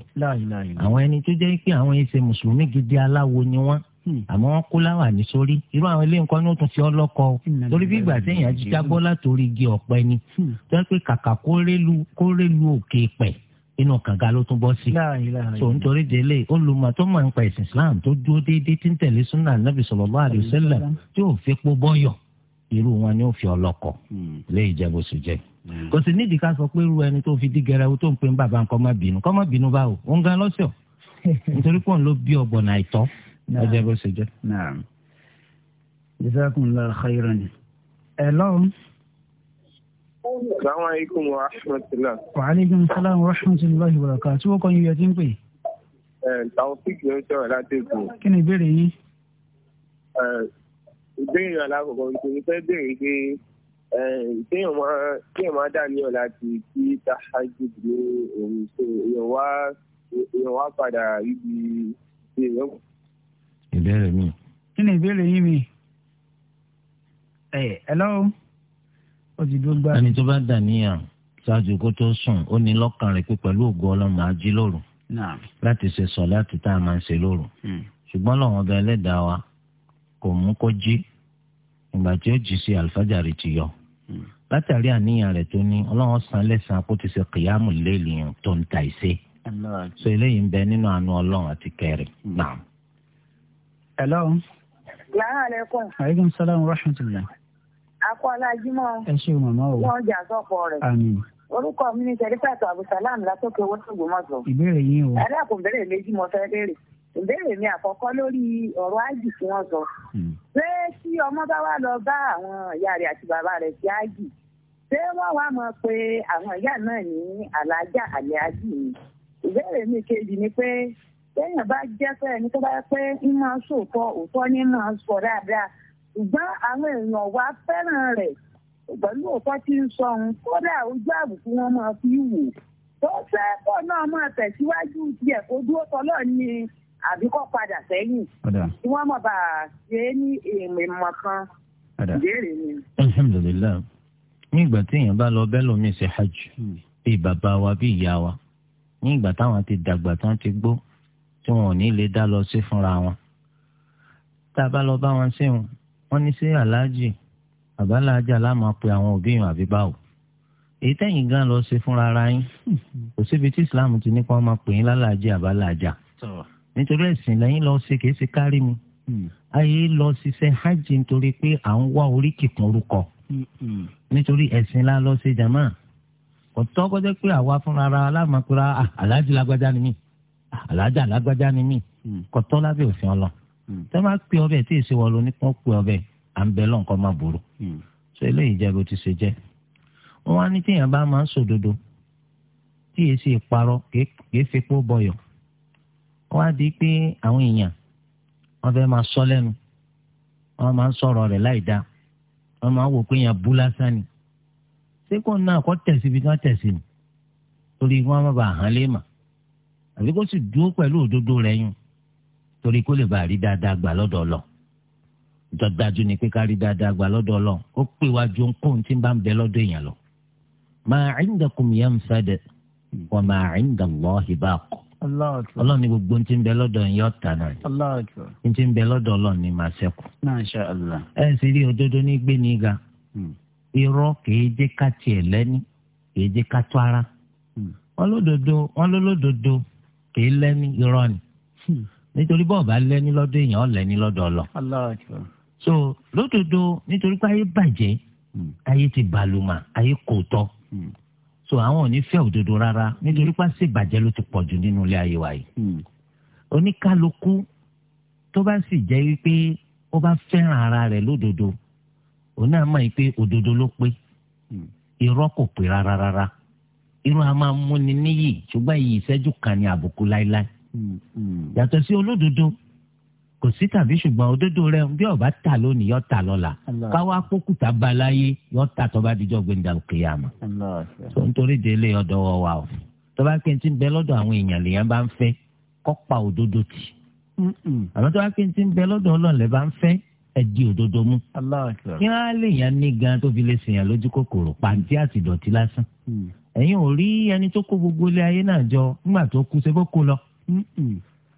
[SPEAKER 3] àwọn ẹni tó jẹ́ pé àwọn ẹsẹ̀ mùsùlùmí gidi aláwo ni wọ́n hmm. àmọ́ wọ́n kó láwà ní sórí irú àwọn ilé nǹkan ní ó tún fi ọlọ́kọ torí bí ìgbà téèyàn ti jábọ́ látòrí igi ọ̀pẹ ni hmm. tó jẹ́ pé kàkà kó rélu òkè pẹ̀ inú kànga ló tún bọ́ sí. so nítorí délé olùmọ̀ tó mọ̀ nípa ẹ̀sìn islam tó dúró déédéé tí ń tẹ̀lé súnà nàbì sallallahu alaihi wasallam tí ò fi pó bọ́yọ̀ irú wọn ni ó fi ọlọ́kọ̀ hmm. lé ìjẹ́bù sùn jẹ́. Mm. kò sì nídìí ká sọ pé irú ẹni tó fi dí gẹrẹwu tó ń pè ń bàbá nǹkan má bínú kọ́ má bínú báwo òun gan lọ́sọ̀ nítorí pọ̀ ló bí ọ̀gbọ̀n àìtọ́ ọjọ́ bó ṣe jẹ́.
[SPEAKER 2] jazakumullahu khairan ni. ẹ lọ́run.
[SPEAKER 4] salaamaleykum wa rahmatulah.
[SPEAKER 2] wa aleykum salaam wa rahmatulahi wa barakatuh tí wọ́n kọ́ yín yẹ ń pè.
[SPEAKER 4] ẹ taofik ló ń sọ̀rọ̀ láti èkó. kí ni ìbéèrè yín. ìbéèrè alákọ̀ọ́kọ́ nítorí fẹ́ béèrè Eh, kéèyàn máa kéèyàn máa dàníyàn láti kí tahajjud ní òun tó èèyàn wá èèyàn wá padà ibi tí èèyàn.
[SPEAKER 3] ìbéèrè mi.
[SPEAKER 2] kí ni ìbéèrè yín mi. ẹ eh, hello ó ti dúró gbá. ẹni
[SPEAKER 3] tó bá dàníyàn ṣáájú kó tó sùn ó ní lọ́kàn rẹ̀ pé pẹ̀lú ògo ọlọ́run á jí lóru láti ṣe sọ láti tá a máa ń ṣe lóru hmm. ṣùgbọ́n lọ́wọ́n ọba ẹlẹ́dàá wa kò mú kó jí ìgbà tí ó jí sí àlùfájàre ti yọ hmm. látàrí àníyàn rẹ̀ tó ní ọlọ́run san lẹ́sàn-án kó ti ṣe kìyàmù léèlì yẹn tó ń ta ìṣe so eléyìí ń bẹ nínú àánú ọlọ́run àti kẹrin hmm. náà.
[SPEAKER 2] hello. salaamu aleykum. aleykum salaam wa rahmatulah.
[SPEAKER 5] akọ́lá jimọ̀. ẹ ṣe màmá o. wọ́n jà sọ́pọ̀ rẹ̀. àmín orúkọ mi ní sẹrífàtọ abusalam látòkè owó tó gbòmọ̀ṣọ́. ìbéèrè yín o. alákùnbẹ̀rẹ̀ méjì mo fẹ́ ṣé kí ọmọ bá wà lọ bá àwọn ìyá rẹ̀ àti bàbá rẹ̀ ti ájì ṣé wọ́n wá mọ pé àwọn ìyá náà ní àlàájá àlẹ́ ájì ni ìbéèrè mi kejì ni pé téèyàn bá jẹ́ pé ẹni tó bá yẹ pé ń máa ní máa sọ ṣùgbọ́n àwọn èèyàn fẹ́ràn rẹ̀ pẹ̀lú tí ń sọ ohun kódà ojú àbùkù wọn àbí kó padà sẹ́yìn kí wọ́n mọ̀ bá a ṣe é ní ìmọ̀ kan ìbéèrè mi.
[SPEAKER 3] alhamdulilayi ní ìgbà tí èèyàn bá lọ bẹ́ẹ̀ lómi ṣe hajj bíi bàbá wa bíi ìyá wa ní ìgbà táwọn ti dàgbà tán ti gbó tí wọn ò ní lè dá lọ sí fúnra wọn tá a bá lọ bá wọn ṣéun wọn ní sí aláàjì àbáláàjà láàmú pé àwọn òbí yàn àbí báwò èyí tẹ̀yìn gan lọ ṣe fúnra ara yín kò síbi tí islam ti ní kí wọ́n máa pè yín lálàájì àbáláàjà nítorí ẹ̀sìn lẹ́yìn lọ ṣe kìí ṣe kárí mi hmm. ayé lọ ṣiṣẹ́ hajj nítorí pé à ń wá oríkì kan orúkọ hmm, hmm. nítorí ẹ̀sìn la lọ ṣe jàmá ọ̀tọ́ kọjá pé àwa fúnra ara aláàmọ̀pẹ́ra ah, aláàjì lágbájá ni mí ah, aláàjà lágbájá ni mí kọ́tọ́ lábẹ́ òfin ọlọ́ tẹ́ bá pè ọbẹ̀ tí èsì wọ̀ lọ nípa pè ọbẹ̀ à ń bẹ lọ́nkọ́ máa burú ṣe eléyìí jẹ́ bó ti ṣe jẹ́ wọ́n á ní tíyẹn bá máa ń sòdodo tí èsì ìparọ́ kìí fi pó bọyọ̀ wọ́n á di pé àwọn èèyàn wọ́n fẹ́ máa sọ lẹ́nu wọ́n máa ń sọ̀rọ̀ rẹ̀ láì dáa wọ́n máa ń wò pé èèyàn bú lásán ni ṣé náà kọ́ tẹ̀sí bí wọ́n tẹ̀sí ni torí wọ́n má bàa hàn lé mà àbí kó sì dúró pẹ̀lú òdodo rẹ̀ yùn torí kó lè bàa rí dáadáa gbà lọ́dọ̀ ọlọ́ dọ́dájú ni pé ká rí dáadáa gbà lọ́dọ̀ ọlọ́ ó pè wá ju tí ń bá ń bẹ lọ́dọ̀ èèyàn lọ. ma 'indakum yanfad wa ma 'inda Allahi baq
[SPEAKER 6] ọlọ́run
[SPEAKER 3] ní gbogbo ti ń bẹ lọ́dọ̀ yín yóò náà ni ti ń bẹ lọ́dọ̀ ọlọ́run ní máa ṣẹ́kù. ẹ sì rí òdodo ga hmm. irọ́ kìí jẹ́ ká tiẹ̀ lẹ́ni kìí jẹ́ ara hmm. wọn kìí lẹ́ni irọ́ ni hmm. nítorí bọ́ọ̀ bá lẹ́ni lọ́dọ̀ so nítorí pé ayé bàjẹ́ so àwọn ò ní fẹ́ òdodo rárá nítorí pàṣẹ ìbàjẹ́ ló ti pọ̀ jù nínú ilé ayé wa yìí hmm. oníkálukú tó bá sì jẹ́ wípé ó bá fẹ́ràn ara rẹ̀ lódodo òun náà mọ̀ pé òdodo ló pé hmm. irọ́ kò pé rárá rárá irú a máa múni níyì ṣùgbọ́n iyì ìṣẹ́jú kan ní àbùkù láéláé
[SPEAKER 6] hmm. yàtọ̀ sí olódodo
[SPEAKER 3] kò sí tàbí ṣùgbọ́n òdodo rẹ bí ọba ta lónìí yọ ta lọ́la káwá kókùtà balaye yọ ta tọ́ba díjọ́ gbẹ̀ndà kìyàmà. tó ń torí délé ọ̀dọ̀ wa o tọ́ba kẹ́ntì ń bẹ lọ́dọ̀ àwọn èèyàn lèèyàn bá ń fẹ́ kọ́ pa òdodo tì. àmọ́ tọ́ba kẹ́ntì ń bẹ lọ́dọ̀ ọlọ́ọ̀lẹ́ bá ń fẹ́ ẹ di òdodo mú. kí á lè yàn ní gan tó fi lè sèyàn lójú kòkòrò pàǹtí àti ìdọ̀tí lásán. Mm. ẹ̀yin ò rí ẹni tó kó gbogbo ilé ayé náà jọ nígbà tó kú ṣe kó lọ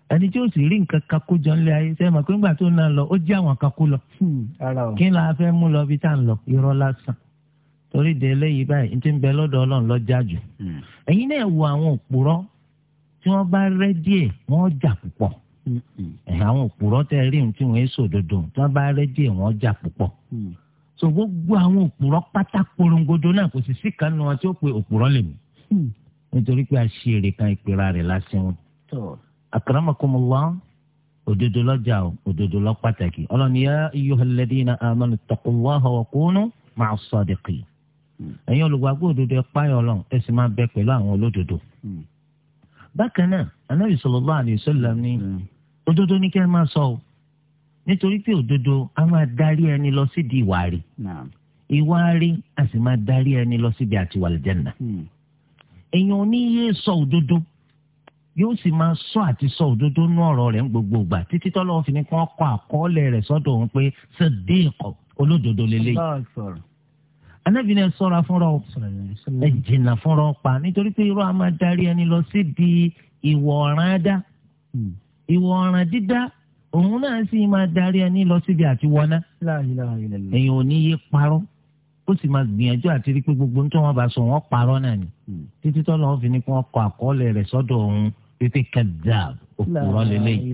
[SPEAKER 3] ẹni tí ó sì rí nǹkan kan kó jọ nílé ayé sẹ́yìn mọ̀ pé ńgbà tó ń lọ ó jẹ́ àwọn kan kó lọ.
[SPEAKER 6] Hmm, kí
[SPEAKER 3] ni a fẹ́ mú lọ bí tá à ń lọ irọ́ lásán torí de eléyìí báyìí ní ti ń bẹ lọ́dọ̀ ọlọ́run lọ́jà jù. Hmm. ẹ̀yin náà wo àwọn òpùrọ́ tí wọ́n bá rẹ́ díẹ̀ wọ́n jà púpọ̀. Hmm. àwọn òpùrọ́ tẹ́ rí ohun tí wọ́n èso òdodo tí wọ́n bá rẹ́ díẹ̀ wọ́n jà púpọ̀. so gbogbo àwọn òpùrọ́ pátá korongodo náà kò sì sí kan nu wọn tí ó pe òpùrọ́ lèmi. nítorí pé a ṣe èrè kan ìpera rẹ̀ lásìwọ̀n akramakumullah òdodo lọ́jà o òdodo lọ́ pàtàkì ọlọ́ni أيها الذين آمنوا ittaqullaha الله kunu مع الصادقين ẹ̀yin olùgbàgbọ́ òdodo ẹ páyọ̀ ọlọ́run ẹ sì máa bẹ pẹ̀lú àwọn olódodo. bákan náà anábì sallallahu alaihi wasallam ní òdodo ní kẹ́ ẹ máa sọ o nítorí pé òdodo a máa darí ẹni lọ sídìí ìwà rí a sì máa darí ẹni lọ síbi àtiwàlẹ̀ jẹ́nà. èèyàn ò sọ òdodo yóò sì máa sọ àti sọ òdodo nú ọ̀rọ̀ rẹ̀ ń gbogbo ìgbà títí tọ́lọ́ fi ni kí wọ́n kọ àkọọ́lẹ̀ rẹ̀ sọ́dọ̀ òun pé sadiq olódodo lélẹ́yìí. Ànábì náà sọ́ra fúnra ọ ẹ jìnnà fúnra ọ pa nítorí pé irọ́ a máa darí ẹni lọ sí di ìwọ̀ ọ̀ràn dá hmm. ìwọ̀ ọ̀ràn dídá òun náà sì máa darí ẹni lọ síbi àti wọná èèyàn ò ní yé parọ́ ó sì máa gbìyànjú àti rí pé gbogbo nítorí wọn bá sọ wọn parọ́ náà ni hmm. títí tọ́lọ́ wọn fi ni kí wọ́n kọ àkọọ́lẹ̀ rẹ̀ sọ́dọ̀ òun pípé kẹdàb
[SPEAKER 1] òkúrọ lélẹyìí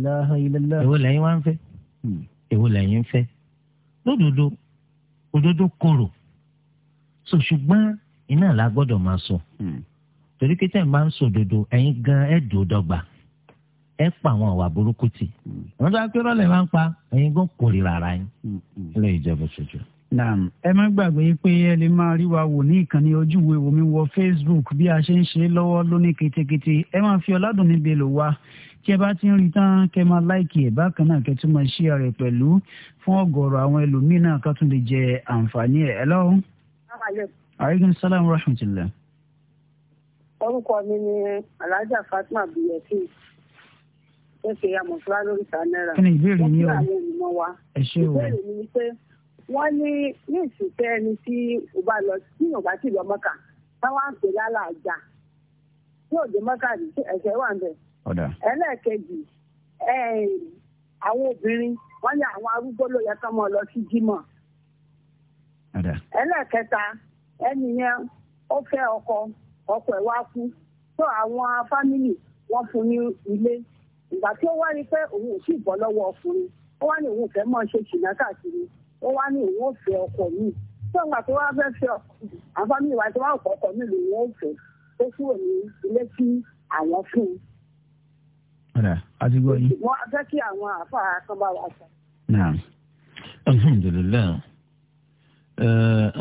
[SPEAKER 3] èwo lẹ́yìn wá ń fẹ́ hmm. èwo lẹ́yìn ń fẹ́ lódodo òdodo korò so ṣùgbọ́n iná la gbọ́dọ̀ máa sọ hmm. torí pé tẹ̀m̀bá ń sọ òdodo ẹ̀yin gan ẹ̀ dò dọ́gba ẹ̀ pa àwọn àwà burúkú tì hmm. wọ́n tó akérò lè máa ń pa ẹ̀yin gan kórìíra ara yín lóye ìjẹ́bù ṣojú naam ẹ
[SPEAKER 2] má gbàgbé pé ẹ lè máa rí wa wò ní ìkànnì ojúwe omi wọ facebook bí a ṣe ń ṣe lọ́wọ́ lóní ketekete ẹ máa fi ọ̀làdùn níbi èlò wa tí ẹ bá ti ń rí tán kẹ máa láìkì ẹ bákan náà kẹ tún máa ṣí ààrẹ pẹ̀lú fún ọ̀gọ̀rọ̀ àwọn ẹlòmíín náà ká tún lè jẹ àǹfààní ẹ̀ ẹ lọ́wọ́. aleykum salaam wa rahmatulah.
[SPEAKER 5] orúkọ mi ni alhaja fatima biyẹsi ṣe ṣe amọ̀síwá lórí sanera. kí ni ìbéèrè mi o ẹ ṣe o ìbéèrè mi ni pé. wọ́n ní ní ìsìnkẹ́ ẹni tí ò bá lọ tí ò bá sì lọ táwọn àpè lálẹ́ àjà tí ò dé rí wà ń bẹ̀. ẹlẹ́ẹ̀kejì àwọn obìnrin wọn ní àwọn arúgbó ló yẹ ká mọ́ lọ sí jímọ̀. ẹlẹ́ẹ̀kẹta ẹni yẹn ó fẹ́ ọkọ ọkọ ẹ̀ wá kú tó àwọn fámìlì wọn fún ní ilé ìgbà tí ó wá rí pé òun ò sì bọ́ lọ́wọ́ ọkùnrin ó ó wá ní òun ò fẹ́ ọkọ mi tí ọgbà tó wá fẹ́ fẹ́ ọkọ ìwà tó wá ọkọ ọkọ mi lòun ò fẹ́ ó kúrò ní ilé tí àwọn fún un.
[SPEAKER 4] ọ̀rẹ́ a ti gbọ́ yín.
[SPEAKER 5] wọ́n fẹ́ kí àwọn àáfàá kan bá wa sọ.
[SPEAKER 3] alhamdulilayi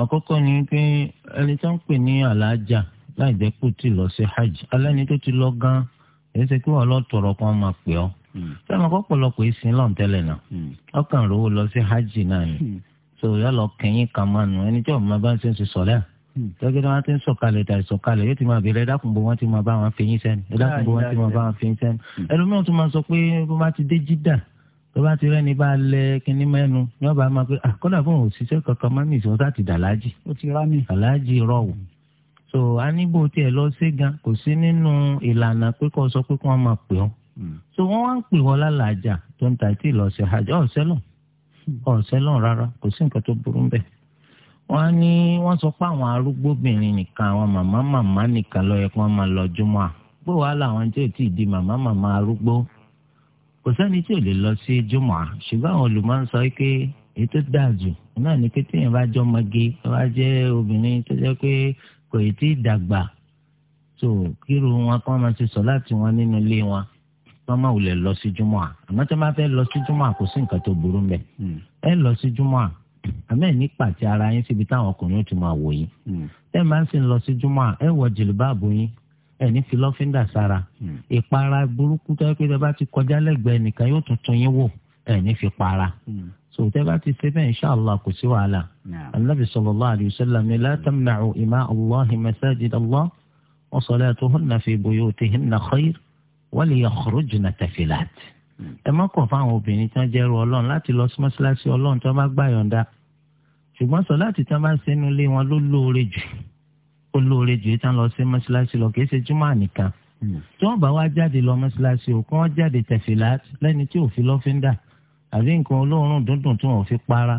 [SPEAKER 3] àkọ́kọ́ ni pé ẹni tó ń pè ní alájà láì jẹ́ kó tí lọ sí hajj alẹ́ ni tó ti lọ gan èyí ṣe kí wọ́n lọ tọrọ kan máa pè ọ́ sọ́nà ọ̀pọ̀lọpọ̀ ìsìn lọ́n tẹ́lẹ̀ náà hmm. ọkàn rówó lọ sí hajj náà ni hmm. so yọ lọ kẹyìn kan máa nù ẹni tí ọmọ bá ń ṣe ń ṣe sọ̀lẹ́ hmm. tọ́jú tí wọ́n ti ń sọ̀kalẹ̀ tàbí sọ̀kalẹ̀ yóò ti máa bèèrè ẹ̀dákùnbó wọn ti máa bá wọn fẹ̀yìn sẹ́ni ẹ̀dákùnbó wọn ti máa bá wọn fẹ̀yìn sẹ́ni ẹlòmíràn tún máa sọ pé bó bá ti dé jídà tó bá ti rẹ́ni bá lẹ kíní mẹ́nu ní ọba máa pé àkọ́dà fún òun òṣìṣẹ́ kankan máa ní ìṣòro láti dàlájì dàlájì rọ̀wù so a níbo tiẹ̀ lọ sí gan kò sí nínú ìlànà pé kó sọ pé kó wọn máa pè ọ́ so wọ́n wá ń pè wọ́n lálàájà tó ń ta ìtì ìlọsẹ̀ hajj ọ̀sẹ̀ lọ ọ̀sẹ̀ lọ rárá kò sí nǹkan tó burú bẹ́ẹ̀ wọ́n ní wọ́n sọ pé àwọn arúgbóbìnrin nìkan àwọn màmá màmá nìkan ló yẹ kí wọ́n máa lọ jùmọ̀ à pé wàhálà àwọn tí ò tí ì di màmá màmá arúgbó kò sẹ́ni tí ò lè lọ sí jùmọ̀ à ṣùgbọ́n àwọn olùmọ̀ ń sọ pé èyí tó dáa jù náà ni pé téèyàn bá jọ ọmọge wá jẹ́ obìnrin tó jẹ́ pé kò ì tí ì dàgbà tó kírun wọn kọ́ máa ti sọ láti wọn nínú ilé wọn wọ́n máa wulẹ̀ lọ sí júmọ́ à àmọ́ tí wọ́n bá fẹ́ lọ sí júmọ́ à kò sí nǹkan tó burú mbẹ̀ hmm. ẹ lọ sí júmọ́ à àmọ́ ẹ̀ ní pàtí ara yín síbi táwọn ọkùnrin ó ti máa wò yín hmm. ẹ máa ń sìn lọ sí júmọ́ à ẹ wọ jìlìbáàbù yín ẹ ní filọ́fíńdà sára hmm. ìpara burúkú tó yẹ pé bá ti kọjá lẹ́gbẹ̀ẹ́ nìkan yóò tuntun yín wò ẹ ní fi para so tẹ́ bá ti ṣe bẹ́ẹ̀ inṣàlá kò sí wàhálà anabi sallallahu alayhi wọ́n lè yakhrujna tafilat ẹ má kọ̀ fáwọn obìnrin tí wọ́n jẹ́ ru ọlọ́run láti lọ sí mọ́ṣáláṣí ọlọ́run tí wọ́n bá gbà yọ̀ǹda ṣùgbọ́n sọ láti tí wọ́n bá ń sẹ́nu ilé wọn ló lóore jù ó lóore jù tí wọ́n lọ sí mọ́ṣáláṣí lọ kìí ṣe júmọ́ nìkan hmm. tí wọ́n bá wá jáde lọ mọ́ṣáláṣí o kí wọ́n jáde tafilat lẹ́ni tí ò fi lọ́fíńdà àbí nǹkan olóòórùn dúndùn tí wọ́n fi para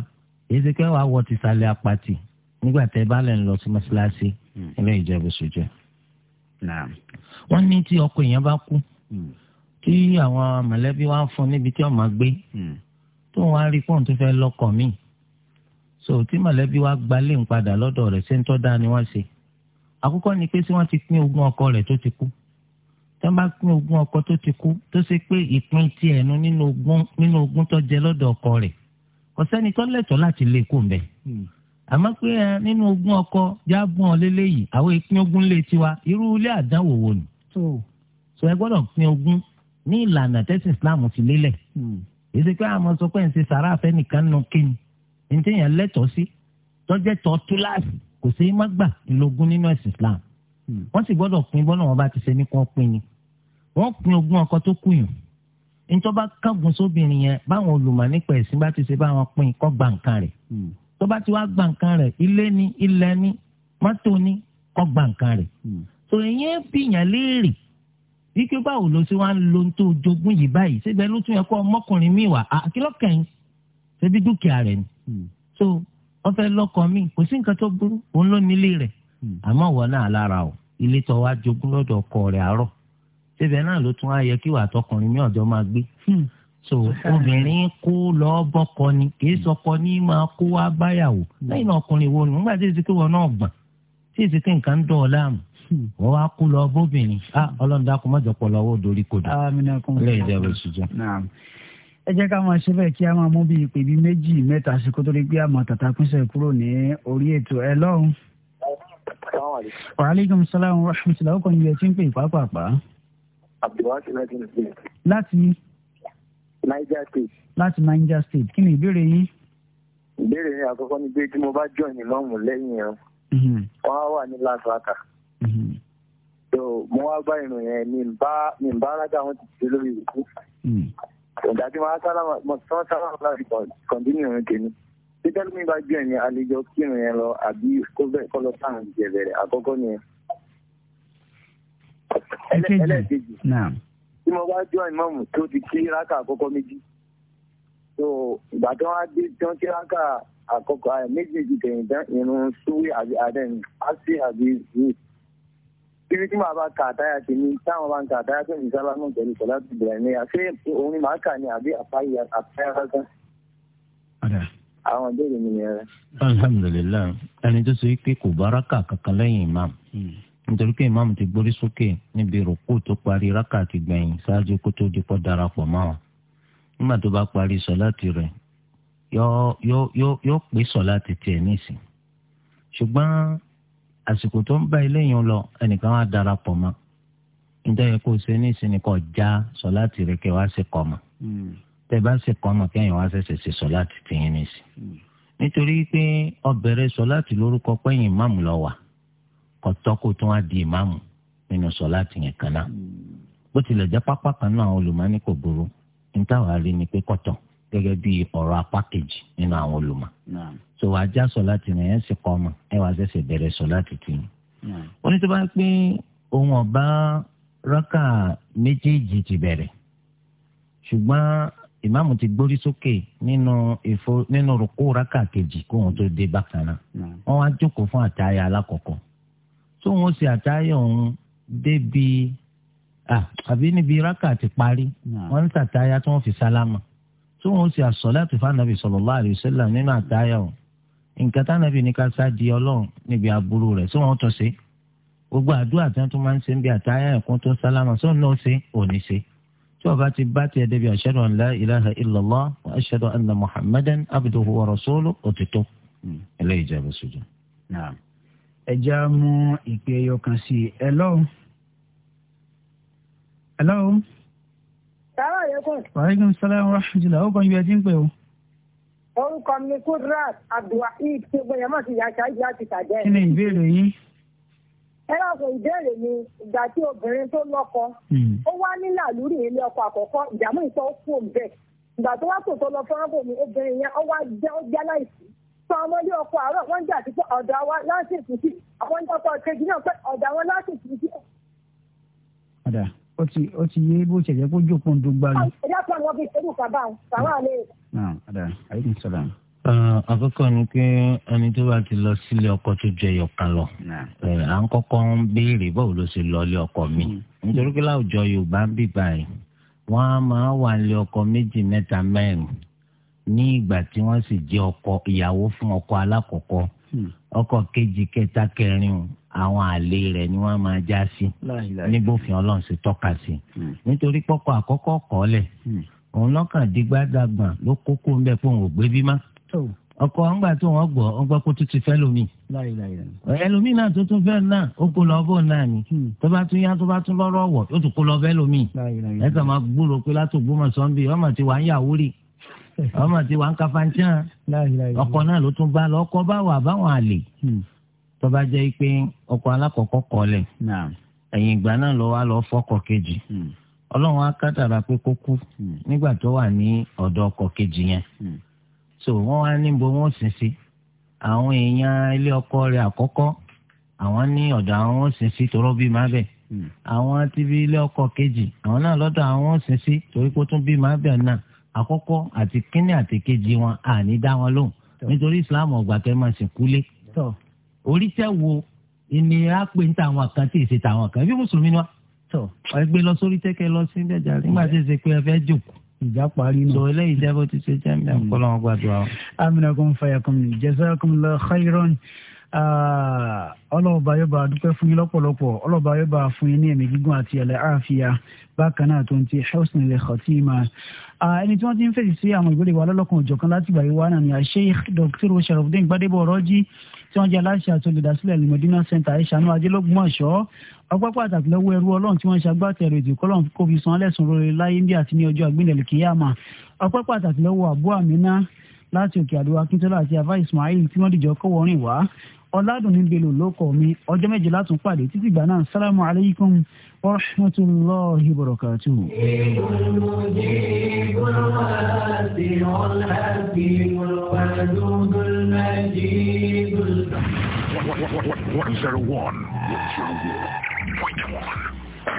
[SPEAKER 3] èyí kẹ́ wàá wọ tìsàlẹ̀ apàtì nígbà tẹ́ bá lẹ́nu lọ sí mọ́ṣáláṣí ilé hmm. ìjẹ́bùsùn jẹ́. wọ́n ní tí ọkọ èèyàn bá kú tí hmm. àwọn mọ̀lẹ́bí wa ń fún níbi tí ọmọ gbé hmm. tó wọn á rí fóun tó fẹ́ lọ́kọ̀ míì so tí mọ̀lẹ́bí wa gbalé ń padà lọ́dọ̀ rẹ̀ ṣé ń tọ́ da ni wọ́n ṣe àkọ́kọ́ ni pé tí wọ́n ti pín ogún ọkọ rẹ̀ tó ti kú tí wọ́n bá pín ogún ọkọ tó ti kú tó ṣe pé ìpín ti ẹ̀nu nínú ogún nínú ogún tó jẹ lọ́dọ̀ ọkọ rẹ̀ kò sẹ́ni tó lẹ́tọ̀ọ́ láti lè kó mbẹ́ àmọ́ pé nínú ogún ọkọ jábọ̀n lélẹ́yìí àwọn ìpín ogún lè tiwa irú ilé àdánwò wo ni so ẹ gbọ́dọ̀ pín ogún ní ìlànà tẹ́sí islam ti lélẹ̀ èsì hmm. pé àmọ́ sọ pé ń ṣe sàrà àfẹ́ nìkan nù kíni ní téèyàn lẹ́tọ̀ọ́ sí tọ́jẹ́ tọ́ túláàsì kò sí má gbà lógún nínú ẹ̀sìn islam hmm. wọ́n sì gbọ́dọ̀ pín gbọ́dọ̀ wọn bá ti ṣe ní kí wọ́n ni wọ́n pín ogún ọkọ tó kù yàn nítorí bá kángun sóbìnrin yẹn báwọn olùmọ̀ nípa ẹ̀sìn bá ti ṣe báwọn pín kọ́ gba nǹkan rẹ̀ hmm. tó bá ti wá gba nǹkan rẹ̀ ilé ni ilẹ̀ ni mọ́tò ni kọ́ gba nǹkan rẹ̀ tòun yẹn bìyàn léèrè wípé báwo ló ṣe wá ń lo tó jogún yìí báyìí síbẹ̀ ló tún yẹ kó ọmọkùnrin mi wà àkìlọ́kàn ṣẹbi dúkìá rẹ̀ ni hmm. so wọ́n fẹ́ lọ́kọ mi kò sí nǹkan tó burú òun ló nílé rẹ̀ hmm. àmọ́ wọn náà lára o ilé tó wá jogún lọ́dọ̀ ọkọ rẹ̀ àárọ̀ síbẹ̀ náà ló tún á kí wàá tọkùnrin mi ọ̀dọ́ máa gbé hmm. so obìnrin kó lọ́ọ́ bọ́kọ ni kì í sọkọ ní máa kó wá báyàwó lẹ́yìn ọkùnrin wo nù nígbà tí èsì wọn náà gbọ̀n tí èsì nǹkan ń dọ̀ ọ́ láàmú Hmm. wọ́n wá kú lọ bóbìnrin ah, ọlọ́run dákun mọ́jọ pọ̀ lọ́wọ́ dorí kodò lẹ́yìn ìjẹ́ oṣù jọ. ẹ
[SPEAKER 2] jẹ́ ká máa ṣe bẹ́ẹ̀ kí a máa mú bí ìpè bíi méjì mẹ́ta sí kó tó lè gbé àmọ́ tàtà pínṣẹ̀ kúrò ní orí ètò ẹ lọ́hùn. wàhálẹ́gùn sálámù rahmatulah ó kàn yẹ tí ń pè pápápá. láti niger state. láti niger state kí ni ìbéèrè yín.
[SPEAKER 4] ìbéèrè yín àkọ́kọ́ ni pé tí mo bá join ìmọ̀ọ́mù lẹ́yìn ẹ̀ mhm. wọ́n á mo wá bá ìrùn yẹn ní nbá rájà wọn ti ṣe lórí ìlú ìdájọ́ hmm. máa sálámà láti kọ̀ǹdínú ìrìn tèmi títẹ́lú mi bá gbé ẹ̀yìn àlejò kírun yẹn lọ àbí kó bẹ́ẹ̀ kọ́ lọ sáà ń jẹ bẹ̀rẹ̀ àkọ́kọ́ nìyẹn. ẹlẹ́ẹ̀kejì tí mo bá jọ ìmọ̀mù tó ti kí rákà àkọ́kọ́ méjì tó ìgbà tí wọ́n á dé tí wọ́n kí rákà àkọ́kọ́ méjì ti tẹ̀yìn tán irun súwé àbí adẹ́nu á àbí zuwé ibi tí màá bá kà àtàyà sí ni táwọn bá ń kà àtàyà tó ń sábà náà pẹ̀lú sọ̀lá ti bẹ̀rẹ̀ ni àṣé òun ni màá kà ní àbí àfáyà àfáyà kankan. àwọn ìbéèrè mi nìyẹn rẹ.
[SPEAKER 6] alhamdulilayi
[SPEAKER 3] ẹni tó ṣe pé kò bá rákà kankan lẹ́yìn imam hmm. nítorí pé imam ti gbórí sókè níbi rògbò tó parí rákà ti gbẹ̀yìn ṣáájú kó tó dipọ́ darapọ̀ mọ́ wọn nígbà tó bá parí sọ̀lá rẹ̀ yóò pé sọ̀lá tiẹ̀ níìsín ṣùgbọ́n àsìkò tó ń bá eléyìí lọ ẹnìkan wá darapọ̀ mọ́ níta yẹ kó o ṣe ní ìsinmi kọ já sọláàtì rẹ kẹ wá ṣe kọmọ hmm. tẹ bá ṣe kọmọ kẹyìn wá ṣẹṣẹ ṣe sọláàtì tìyín nìsí. Hmm. nítorí pé ó bẹ̀rẹ̀ sọláàtì lórúkọ pẹ́yìn ìmáàmù lọ wà kò tún wá di ìmáàmù nínú sọláàtì yẹn kan náà hmm. bó tilẹ̀ jẹ́ pápá kan náà olùmọ́ni kò burú níta rí ni pé kọ̀tọ̀ gẹ́gẹ́ bí ọ̀rọ̀ apá kejì nínú àwọn olùmọ̀. so wàá já sọ láti rìn ẹ́ sì kọ́ ọmọ ẹ wàá ṣẹ̀ṣẹ̀ bẹ̀rẹ̀ sọ láti tì yín. ó ní tó bá pín ohun ọ̀bá rákà méjèèjì ti bẹ̀rẹ̀ ṣùgbọ́n ìmáàmù ti gbórí sókè nínú ìfo nínú rúkú rákà kejì kó òun tó dé bákan náà wọ́n wá jókòó fún àtàyà alákọ̀ọ́kọ́ tó wọ́n ṣe àtàyà òun débi àbí níbi rákà ti parí wọ́n ń ṣàtàyà tí wọ́n fi sálámà tí wọn ṣe àsọláàtì fànàbì sallallahu alaihi wasallam nínú àtàyà o nǹkan tànàbì ní ká sá di Ọlọ́run níbi aburú rẹ̀ tí wọn tọ ṣe gbogbo àdúrà tí wọn tún máa ń ṣe ń bí àtàyà ẹkún tó sálámà sọ náà ṣe òní ṣe tí ọba ti bá tiẹ̀ débi ashhadu an la ilaha illallah wa ashhadu anna muhammadan abduhu wa rasuluhu òtítọ́ ilé sojú.
[SPEAKER 2] ẹ mú ìpè ẹyọ kan sí ẹ lọ́wọ́. Wàhálà sálàmù rahmatulah ó kàn yóò ẹtí ń pè o.
[SPEAKER 5] Orúkọ mi ni tí àti Kí ni ìbéèrè yín? ẹ lọ sọ ìbéèrè mi ìgbà tí obìnrin tó lọ́kọ hmm. ó wá ní lórí ilé ọkọ àkọ́kọ́ ìdààmú ìtọ ó kú òun ìgbà tó wá tó lọ fọwọ́n bò mí obìnrin yẹn ó wá jẹ́ ó jẹ́ láìsí sọ ọmọ ilé ọkọ̀
[SPEAKER 2] àárọ̀ ó ti ó ti yé bó ṣe jẹ́ kó jókòó ń dúgba ah, ni.
[SPEAKER 5] ẹjọ́ kan wọ́n fi ṣerú kaba
[SPEAKER 2] sàwọn àlè.
[SPEAKER 3] àkọ́kọ́ ni pé ẹni tó bá ti lọ sílé ọkọ tó jẹ yọkan lọ eh, à ń kọ́kọ́ ń béèrè báwo ló ṣe lọ ilé ọkọ mi hmm. nítorí pé láwùjọ Yorùbá ń bì báyìí wọ́n á máa wà nílé ọkọ méjì mẹ́ta mẹ́rin ní ìgbà tí wọ́n sì jẹ́ ọkọ ìyàwó fún ọkọ alákọ̀ọ́kọ́ Hmm. ọkọ kejì kẹta kẹrin àwọn àlè rẹ̀ ni wọ́n máa já sí níbòfin Ọlọ́run sì tọ́ka sí hmm. nítorí pọkọ àkọ́kọ́ kọọlẹ hmm. òun lọkàn dìgbàdàgbà ló kókó ń bẹ fún òun ò gbé bí má ọkọ ọgbà tó wọn gbọ́ ọgbà kó tuntun fẹ́ lómi ẹlòmíì náà tó tún fẹ náà ó kó lọ bó náà ni tó bá tún yá tó bá tún lọ́rọ̀ wọ̀ ó tún kó lọ bẹ́ẹ̀ lómi ẹ kàn máa pé látògbó mọ̀ sọ́ńbì ọmọ tí wàá ń yà wúrì ọmọ ti wà ń ka fanṣán ọkọ náà ló tún bá lọ ọkọ bá wà báwọn àlè hmm. tó bá jẹ́ pé ọkọ alákọ̀ọ́kọ́ kọlẹ̀ ẹ̀yìn ìgbà náà lọ wá lọ fọ́kọ kejì hmm. ọlọ́run á kátàrà pé kó kú hmm. nígbà tó wà ní ọ̀dọ̀ ọkọ kejì yẹn so wọ́n wá níbo wọ́n sin sí àwọn èèyàn ilé ọkọ rẹ̀ àkọ́kọ́ àwọn ní ọ̀dọ̀ àwọn wọ́n sin sí torọ́ bí má bẹ̀ àwọn ti bí ilé ọkọ kejì àwọn náà lọ́dọ̀ àwọn wọ́n sin sí torí kó tún bí má bẹ̀ náà àkọ́kọ́ àti kínní àti kejì wọn àní dá wọn lóhùn nítorí islam ọgbà kẹ́ máa sìn kúlé oríṣẹ́ wo ìnira pé ní tàwọn kan tí ìṣe tàwọn kan bí mùsùlùmí ni wa ẹgbẹ́ lọ sórí tẹ́kẹ́ lọ sí ìdẹ́jà nígbà tí ìṣe pé ẹ fẹ́ jòkó ìjà parí nù. sọ eléyìí jẹ́ bó ti ṣe jẹ́ mi àkọlọ́wọ́n gbàdúrà.
[SPEAKER 2] amina kun fayakum jazakumullahu khairan. Ah, ọlọ́ọ̀bá yóò bá dúpẹ́ fún yín lọ́pọ̀lọpọ̀ ọlọ́ọ̀bá yóò bá fún yín ní ẹ̀mí gígùn àti ẹ̀lẹ́ àáfíà bákan náà tó ń ti husn ilẹ̀ khatima. Ah, ẹni tí wọ́n ti ń fèsì sí àwọn ìbéèrè wa lọ́lọ́kan òjọ̀kan láti ìgbà yìí náà ni Sheikh Dr. Sharafdin Gbadebo Ọ̀rọ́jì tí wọ́n jẹ́ aláṣẹ àti olùdásílẹ̀ al Center ìṣànú ajẹ́lógúnmọ̀ṣọ́ ọpẹ́ pàtàkì lọ́wọ́ ẹrú ọlọ́run tí wọ́n ṣe agbátẹrù ètò ìkọ́lọ́n kó fi san lẹ́sùn rere láyé ń bí àti ní ọjọ́ àgbéǹdẹ̀lẹ̀ kíyàmà ọpẹ́ pàtàkì lọ́wọ́ àbú àmínà láti òkè àdúrà akíntola àti àfáà ismail tí wọ́n dìjọ kó wọrin wá ọ̀làdùnní belò lóko mi ọjọ́ méje látún pàdé títí gbà náà sálámù aleykum wa rahmatulahi wa barakatuhu.
[SPEAKER 6] one zero one point